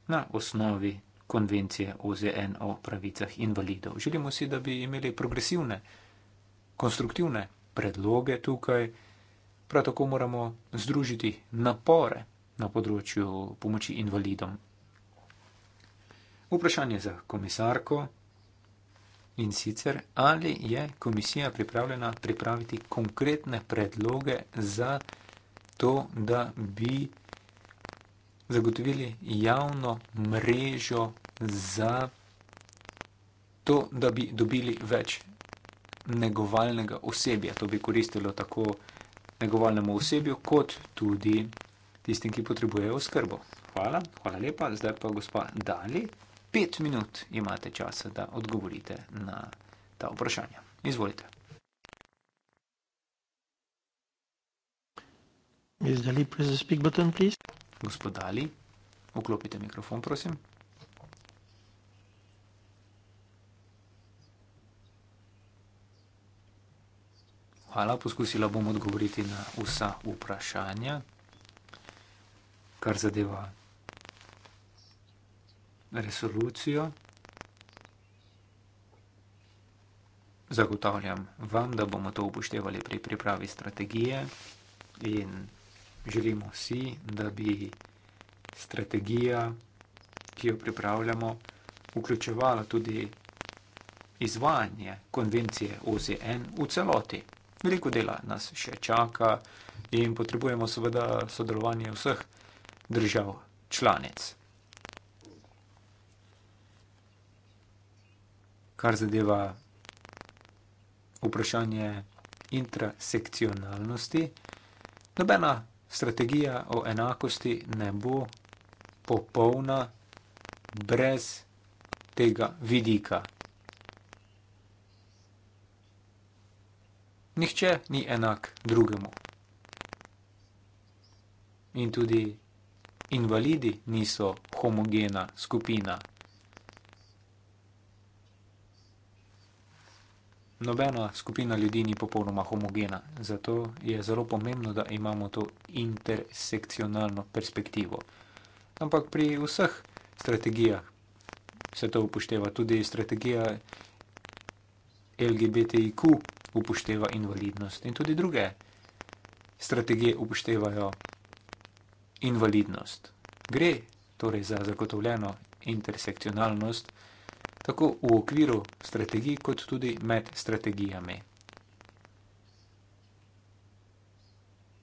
na osnovi konvencije OZN o pravicah invalidov. Želimo si, da bi imeli progresivne, konstruktivne predloge tukaj, prav tako moramo združiti napore na področju pomoči invalidom. Vprašanje za komisarko. In sicer, ali je komisija pripravljena pripraviti konkretne predloge za to, da bi zagotovili javno mrežo za to, da bi dobili več negovalnega osebja. To bi koristilo tako negovalnemu osebju, kot tudi tistim, ki potrebujejo oskrbo. Hvala, hvala lepa. Zdaj pa gospa Dali pet minut imate časa, da odgovorite na ta vprašanja. Izvolite. Button, Gospodali, vklopite mikrofon, prosim. Hvala, poskusila bom odgovoriti na vsa vprašanja, kar zadeva resolucijo. Zagotavljam vam, da bomo to upoštevali pri pripravi strategije in želimo si, da bi strategija, ki jo pripravljamo, vključevala tudi izvajanje konvencije OZN v celoti. Veliko dela nas še čaka in potrebujemo seveda sodelovanje vseh držav članic. kar zadeva vprašanje intrasekcionalnosti, nobena strategija o enakosti ne bo popolna brez tega vidika. Nihče ni enak drugemu. In tudi invalidi niso homogena skupina. nobena skupina ljudi ni popolnoma homogena, zato je zelo pomembno, da imamo to intersekcionalno perspektivo. Ampak pri vseh strategijah se to upošteva, tudi strategija LGBTIQ upošteva invalidnost in tudi druge strategije upoštevajo invalidnost. Gre torej za zagotovljeno intersekcionalnost tako v okviru strategij kot tudi med strategijami.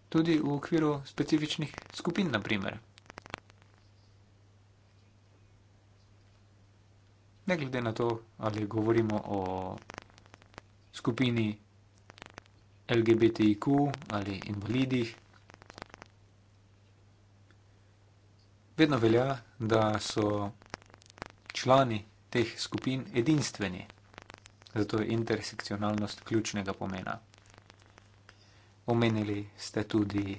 Tudi v okviru specifičnih skupin, na primer. Ne glede na to, ali govorimo o skupini LGBTIQ ali invalidih, vedno velja, da so člani teh skupin edinstveni. Zato je intersekcionalnost ključnega pomena. Omenili ste tudi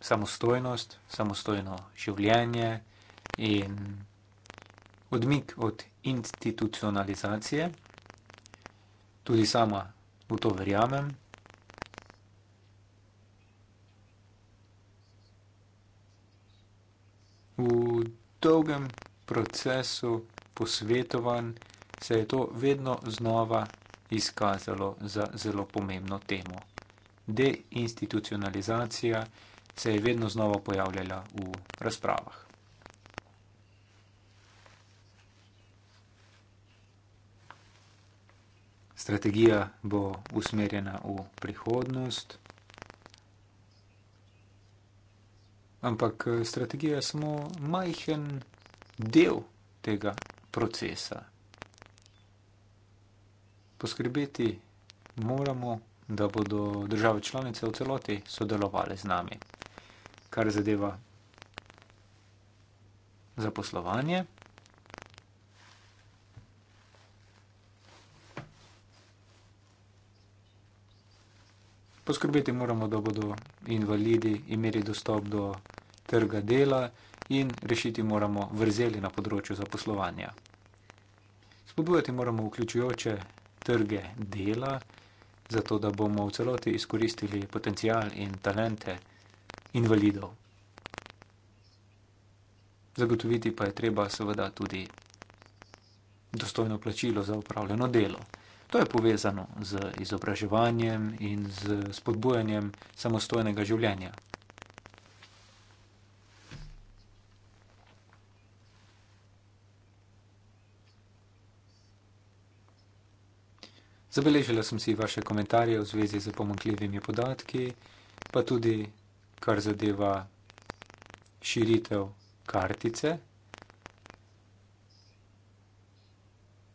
samostojnost, samostojno življenje in odmik od institucionalizacije. Tudi sama v to verjamem. V dolgem procesu posvetovanj se je to vedno znova izkazalo za zelo pomembno temo. Deinstitucionalizacija se je vedno znova pojavljala v razpravah. Strategija bo usmerjena v prihodnost, ampak eh, strategija je samo majhen del tega procesa. Poskrbeti moramo, da bodo države članice v celoti sodelovali z nami, kar zadeva zaposlovanje. Poskrbeti moramo, da bodo invalidi imeli dostop do trga dela in rešiti moramo vrzeli na področju zaposlovanja. Spodbujati moramo vključujoče trge dela, zato da bomo v celoti izkoristili potencial in talente invalidov. Zagotoviti pa je treba seveda tudi dostojno plačilo za upravljeno delo. To je povezano z izobraževanjem in z spodbujanjem samostojnega življenja. Zabeležila sem si vaše komentarje v zvezi z pomankljivimi podatki, pa tudi kar zadeva širitev kartice.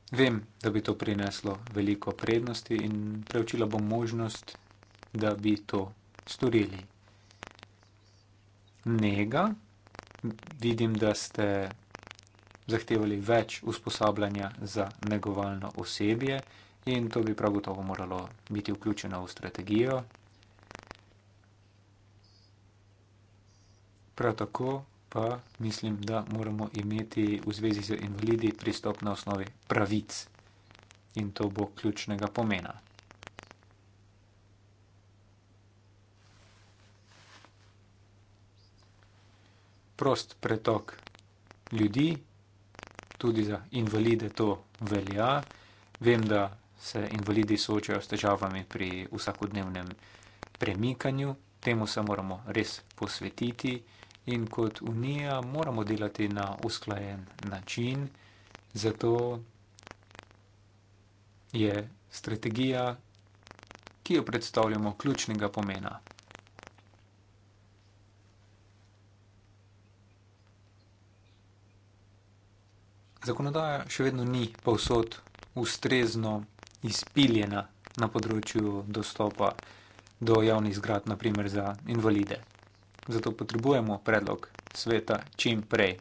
Vem, da bi to prineslo veliko prednosti in preučila bom možnost, da bi to storili. Nega, vidim, da ste zahtevali več usposabljanja za negovalno osebje in to bi prav gotovo moralo biti vključeno v strategijo. Prav tako pa mislim, da moramo imeti v zvezi z invalidi pristop na osnovi pravic in to bo ključnega pomena. Prost pretok ljudi, tudi za invalide to velja. Vem, da se invalidi soočajo s težavami pri vsakodnevnem premikanju, temu se moramo res posvetiti in kot unija moramo delati na usklajen način, zato je strategija, ki jo predstavljamo, ključnega pomena. Zakonodaja še vedno ni povsod ustrezno izpiljena na področju dostopa do javnih zgrad, naprimer za invalide. Zato potrebujemo predlog sveta čim prej.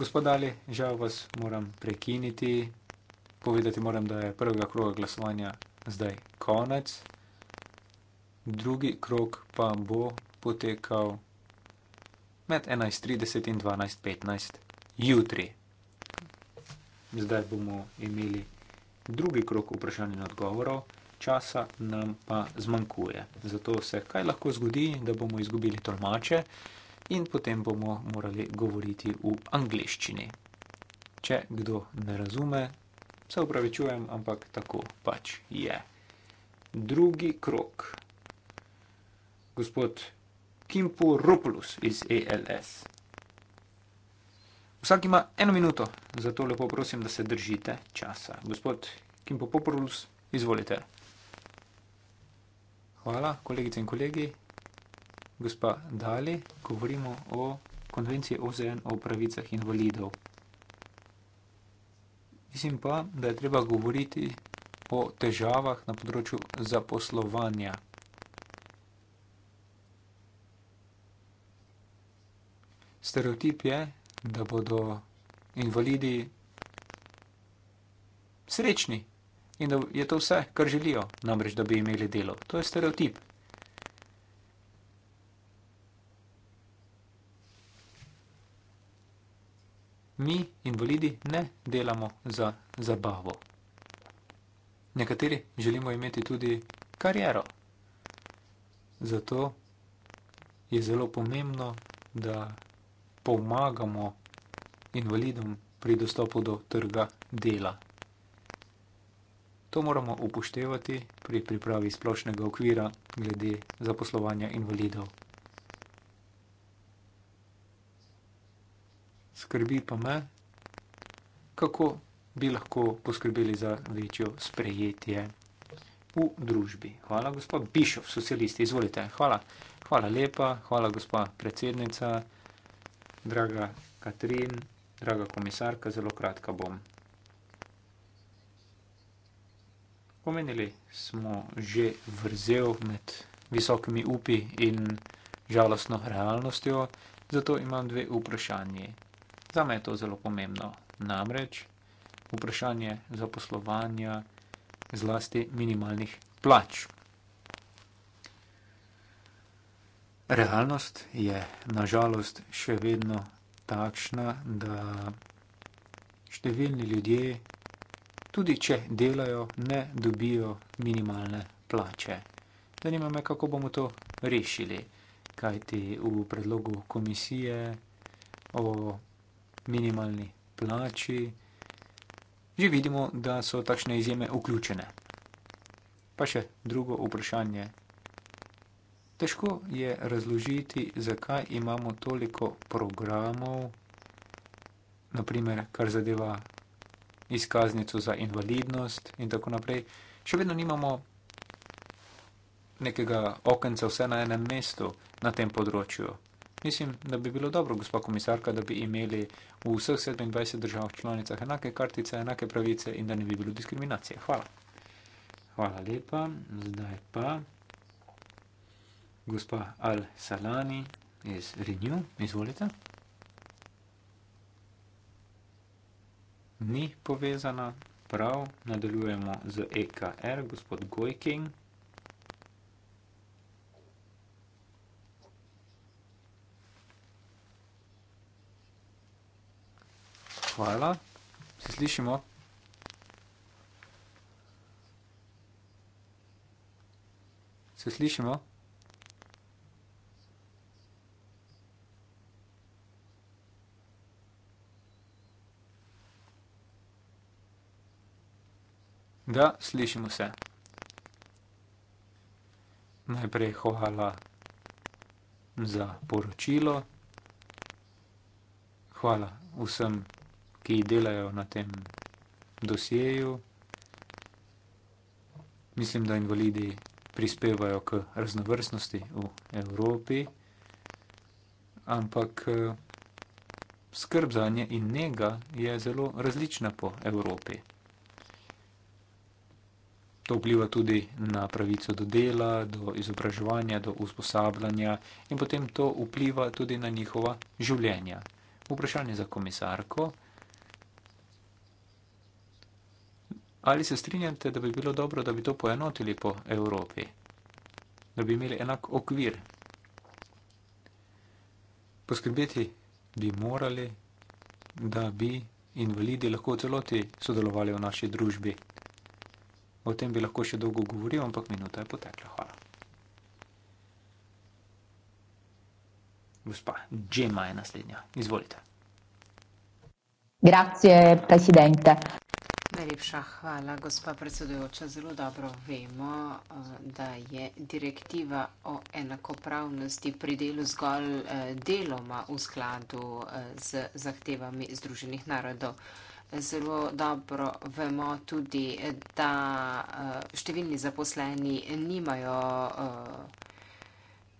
Gospodali, žal vas moram prekiniti. Povedati moram, da je prvega kroga glasovanja zdaj konec. Drugi krok pa bo potekal med 11.30 in 12.15 jutri. Zdaj bomo imeli drugi krok vprašanj in odgovorov, časa nam pa zmanjkuje. Zato se kaj lahko zgodi, da bomo izgubili tolmače in potem bomo morali govoriti v angleščini. Če kdo ne razume, se upravičujem, ampak tako pač je. Drugi krok. Gospod Kimpo Ropulus iz ALS. Vsak ima eno minuto, zato lepo prosim, da se držite časa. Gospod Kimpo Poporus, izvolite. Hvala, kolegice in kolegi. Gospa Dali, govorimo o konvenciji OZN o pravicah invalidov. Mislim pa, da je treba govoriti o težavah na področju zaposlovanja. Stereotip je, da bodo invalidi srečni in da je to vse, kar želijo, namreč, da bi imeli delo. To je stereotip. Mi, invalidi, ne delamo za zabavo. Nekateri želimo imeti tudi kariero. Zato je zelo pomembno, da pomagamo invalidom pri dostopu do trga dela. To moramo upoštevati pri pripravi splošnega okvira glede zaposlovanja invalidov. Skrbi pa me, kako bi lahko poskrbeli za večjo sprejetje v družbi. Hvala, gospod Bišov, socialisti, izvolite. Hvala. Hvala lepa, hvala, gospa predsednica. Draga Katrin, draga komisarka, zelo kratka bom. Omenili smo že vrzel med visokimi upi in žalostno realnostjo, zato imam dve vprašanje. Zame je to zelo pomembno. Namreč vprašanje zaposlovanja zlasti minimalnih plač. Realnost je nažalost še vedno takšna, da številni ljudje, tudi če delajo, ne dobijo minimalne plače. Zanima me, kako bomo to rešili, kajti v predlogu komisije o minimalni plači že vidimo, da so takšne izjeme vključene. Pa še drugo vprašanje, Težko je razložiti, zakaj imamo toliko programov, naprimer, kar zadeva izkaznico za invalidnost in tako naprej. Še vedno nimamo nekega okenca vse na enem mestu na tem področju. Mislim, da bi bilo dobro, gospa komisarka, da bi imeli v vseh 27 državah članicah enake kartice, enake pravice in da ne bi bilo diskriminacije. Hvala. Hvala lepa. Zdaj pa gospa Al Salani iz Renew, izvolite. Ni povezana, prav, nadaljujemo z EKR, gospod Gojking. Hvala, se slišimo. Se slišimo? Da, slišimo se. Najprej hvala za poročilo. Hvala vsem, ki delajo na tem dosjeju. Mislim, da invalidi prispevajo k raznovrstnosti v Evropi, ampak eh, skrb za nje in njega je zelo različna po Evropi. To vpliva tudi na pravico do dela, do izobraževanja, do usposabljanja in potem to vpliva tudi na njihova življenja. Vprašanje za komisarko. Ali se strinjate, da bi bilo dobro, da bi to poenotili po Evropi? Da bi imeli enak okvir? Poskrbeti bi morali, da bi invalidi lahko celoti sodelovali v naši družbi. O tem bi lahko še dolgo govoril, ampak minuta je potekla. Hvala. Gospa Džema je naslednja. Izvolite. Grazie, presidente. Najlepša hvala, gospa predsedujoča. Zelo dobro vemo, eh, da je direktiva o enakopravnosti pri delu zgolj eh, deloma v skladu eh, z zahtevami Združenih narodov zelo dobro vemo tudi, da eh, številni zaposleni nimajo eh,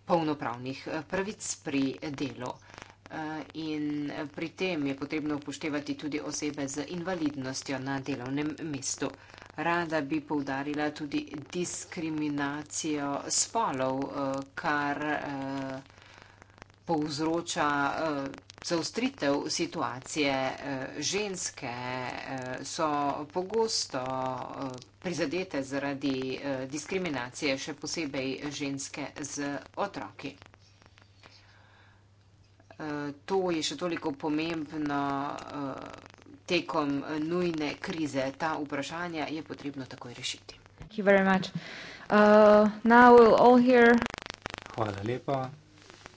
polnopravnih eh, pravic pri delu. In pri tem je potrebno upoštevati tudi osebe z invalidnostjo na delovnem mestu. Rada bi poudarila tudi diskriminacijo spolov, kar povzroča zaustritev situacije eh, ženske eh, so pogosto eh, prizadete zaradi diskriminacije, še posebej ženske z otroki. To je še toliko pomembno tekom nujne krize. Ta vprašanja je potrebno takoj rešiti. Uh, Hvala lepa.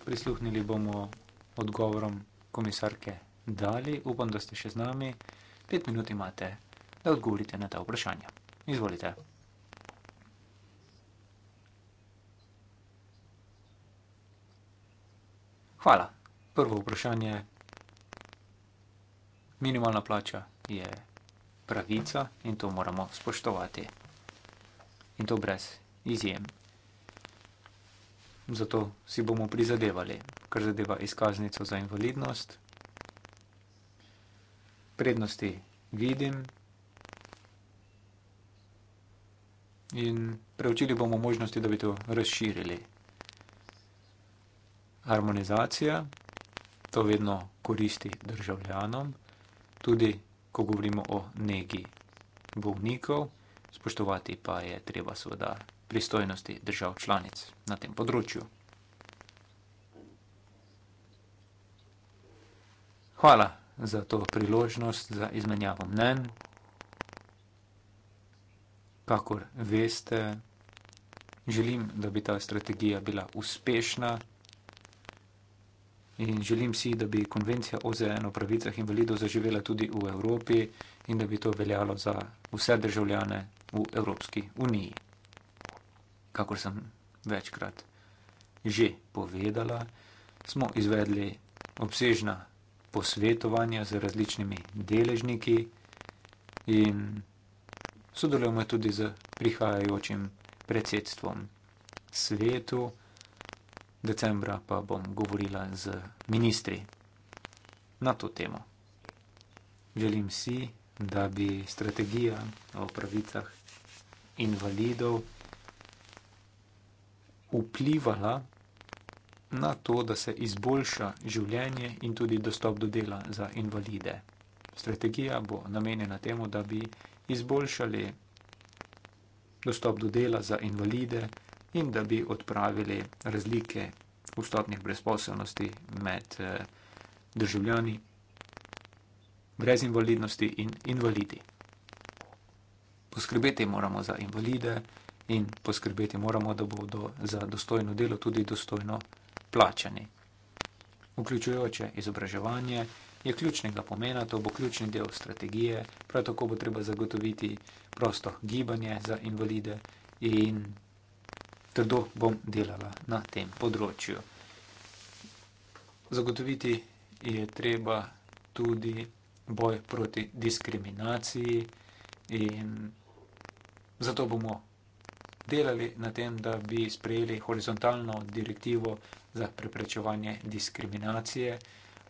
Prisluhnili bomo odgovorom komisarke Dali, upam, da ste še z nami. Pet minut imate, da odgovorite na ta vprašanja. Izvolite. Hvala. Prvo vprašanje. Minimalna plača je pravica in to moramo spoštovati. In to brez izjem zato si bomo prizadevali, kar zadeva izkaznico za invalidnost. Prednosti vidim in preučili bomo možnosti, da bi to razširili. Harmonizacija, to vedno koristi državljanom, tudi ko govorimo o negi bolnikov, spoštovati pa je treba seveda pristojnosti držav članic na tem področju. Hvala za to priložnost za izmenjavo mnen. Kakor veste, želim, da bi ta strategija bila uspešna in želim si, da bi konvencija OZN o pravicah invalidov zaživela tudi v Evropi in da bi to veljalo za vse državljane v Evropski uniji kakor sem večkrat že povedala, smo izvedli obsežna posvetovanja z različnimi deležniki in sodelujemo tudi z prihajajočim predsedstvom svetu. Decembra pa bom govorila z ministri na to temo. Želim si, da bi strategija o pravicah invalidov vplivala na to, da se izboljša življenje in tudi dostop do dela za invalide. Strategija bo namenjena temu, da bi izboljšali dostop do dela za invalide in da bi odpravili razlike v stopnih brezposobnosti med eh, državljani brez invalidnosti in invalidi. Poskrbeti moramo za invalide in poskrbeti moramo, da bodo za dostojno delo tudi dostojno plačani. Vključujoče izobraževanje je ključnega pomena, to bo ključni del strategije, prav tako bo treba zagotoviti prosto gibanje za invalide in trdo bom delala na tem področju. Zagotoviti je treba tudi boj proti diskriminaciji in zato bomo delali na tem, da bi sprejeli horizontalno direktivo za preprečevanje diskriminacije,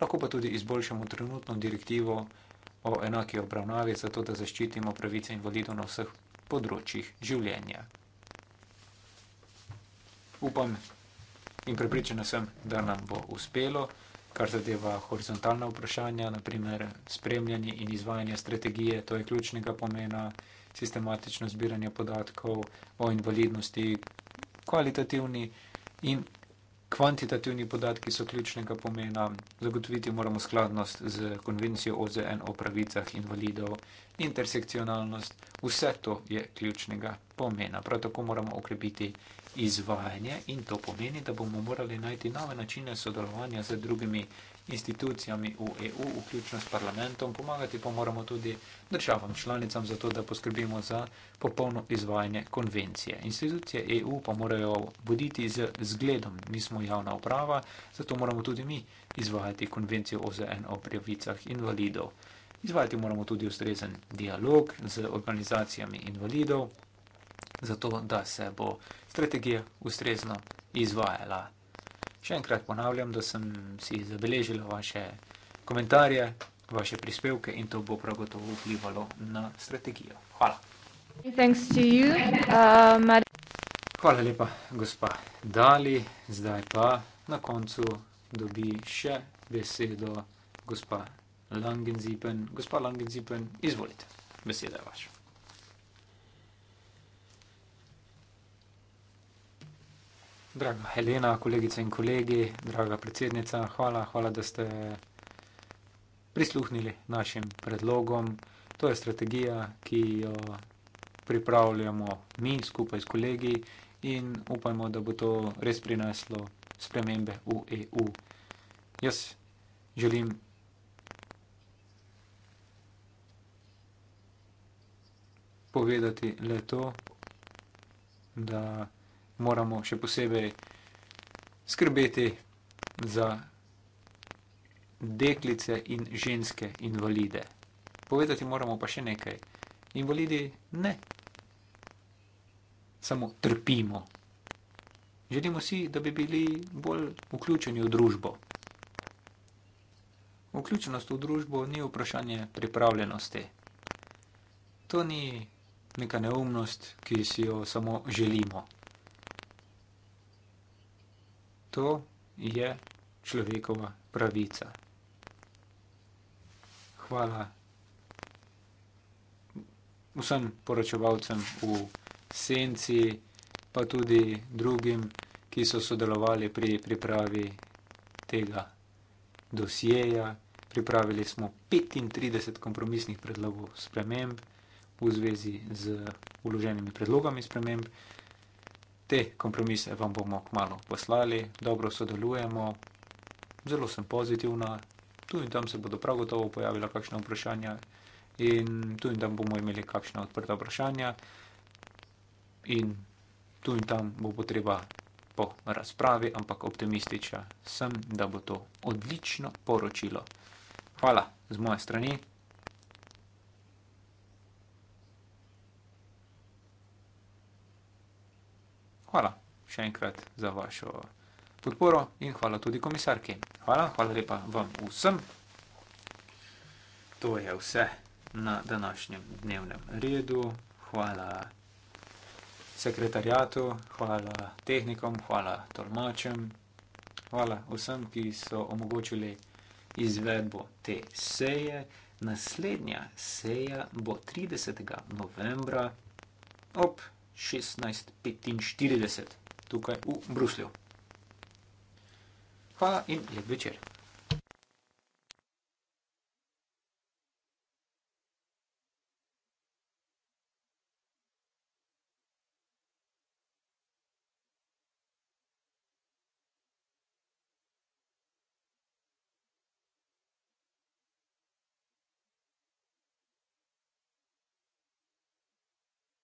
lahko pa tudi izboljšamo trenutno direktivo o enaki obravnavi, zato da zaščitimo pravice invalidov na vseh področjih življenja. Upam in prepričana sem, da nam bo uspelo, kar zadeva horizontalna vprašanja, naprimer spremljanje in izvajanje strategije, to je ključnega pomena sistematično zbiranje podatkov o invalidnosti, kvalitativni in kvantitativni podatki so ključnega pomena. Zagotoviti moramo skladnost z konvencijo OZN o pravicah invalidov, intersekcionalnost, vse to je ključnega pomena. Prav tako moramo okrepiti izvajanje in to pomeni, da bomo morali najti nove načine sodelovanja z drugimi institucijami v EU, vključno s parlamentom, pomagati pa moramo tudi državam članicam za to, da poskrbimo za popolno izvajanje konvencije. Institucije EU pa morajo voditi z zgledom. Mi smo javna uprava, zato moramo tudi mi izvajati konvencijo OZN o pravicah invalidov. Izvajati moramo tudi ustrezen dialog z organizacijami invalidov, zato da se bo strategija ustrezno izvajala. Še enkrat ponavljam, da sem si zabeležila vaše komentarje, vaše prispevke in to bo prav gotovo vplivalo na strategijo. Hvala. Uh, Hvala lepa, gospa Dali. Zdaj pa na koncu dobi še besedo gospa Langenzipen. Gospa Langenzipen, izvolite. Beseda je vaša. Draga Helena, kolegice in kolegi, draga predsednica, hvala, hvala, da ste prisluhnili našim predlogom. To je strategija, ki jo pripravljamo mi skupaj s kolegi in upajmo, da bo to res prineslo spremembe v EU. Jaz želim. Povedati le to, da moramo še posebej skrbeti za deklice in ženske invalide. Povedati moramo pa še nekaj. Invalidi ne. Samo trpimo. Želimo si, da bi bili bolj vključeni v družbo. Vključenost v družbo ni vprašanje pripravljenosti. To ni neka neumnost, ki si jo samo želimo. To je človekova pravica. Hvala vsem poročevalcem v Senci, pa tudi drugim, ki so sodelovali pri pripravi tega dosjeja. Pripravili smo 35 kompromisnih predlogov sprememb v zvezi z uloženimi predlogami sprememb te kompromise vam bomo kmalo poslali, dobro sodelujemo, zelo sem pozitivna, tu in tam se bodo prav gotovo pojavila kakšna vprašanja in tu in tam bomo imeli kakšna odprta vprašanja in tu in tam bo potreba po razpravi, ampak optimistična sem, da bo to odlično poročilo. Hvala z moje strani. Hvala še enkrat za vašo podporo in hvala tudi komisarki. Hvala, hvala lepa vam vsem. To je vse na današnjem dnevnem redu. Hvala sekretarjatu, hvala tehnikom, hvala tolmačem, hvala vsem, ki so omogočili izvedbo te seje. Naslednja seja bo 30. novembra ob 14.00. 16:45 tukaj v Bruslju. Hvala in lep večer.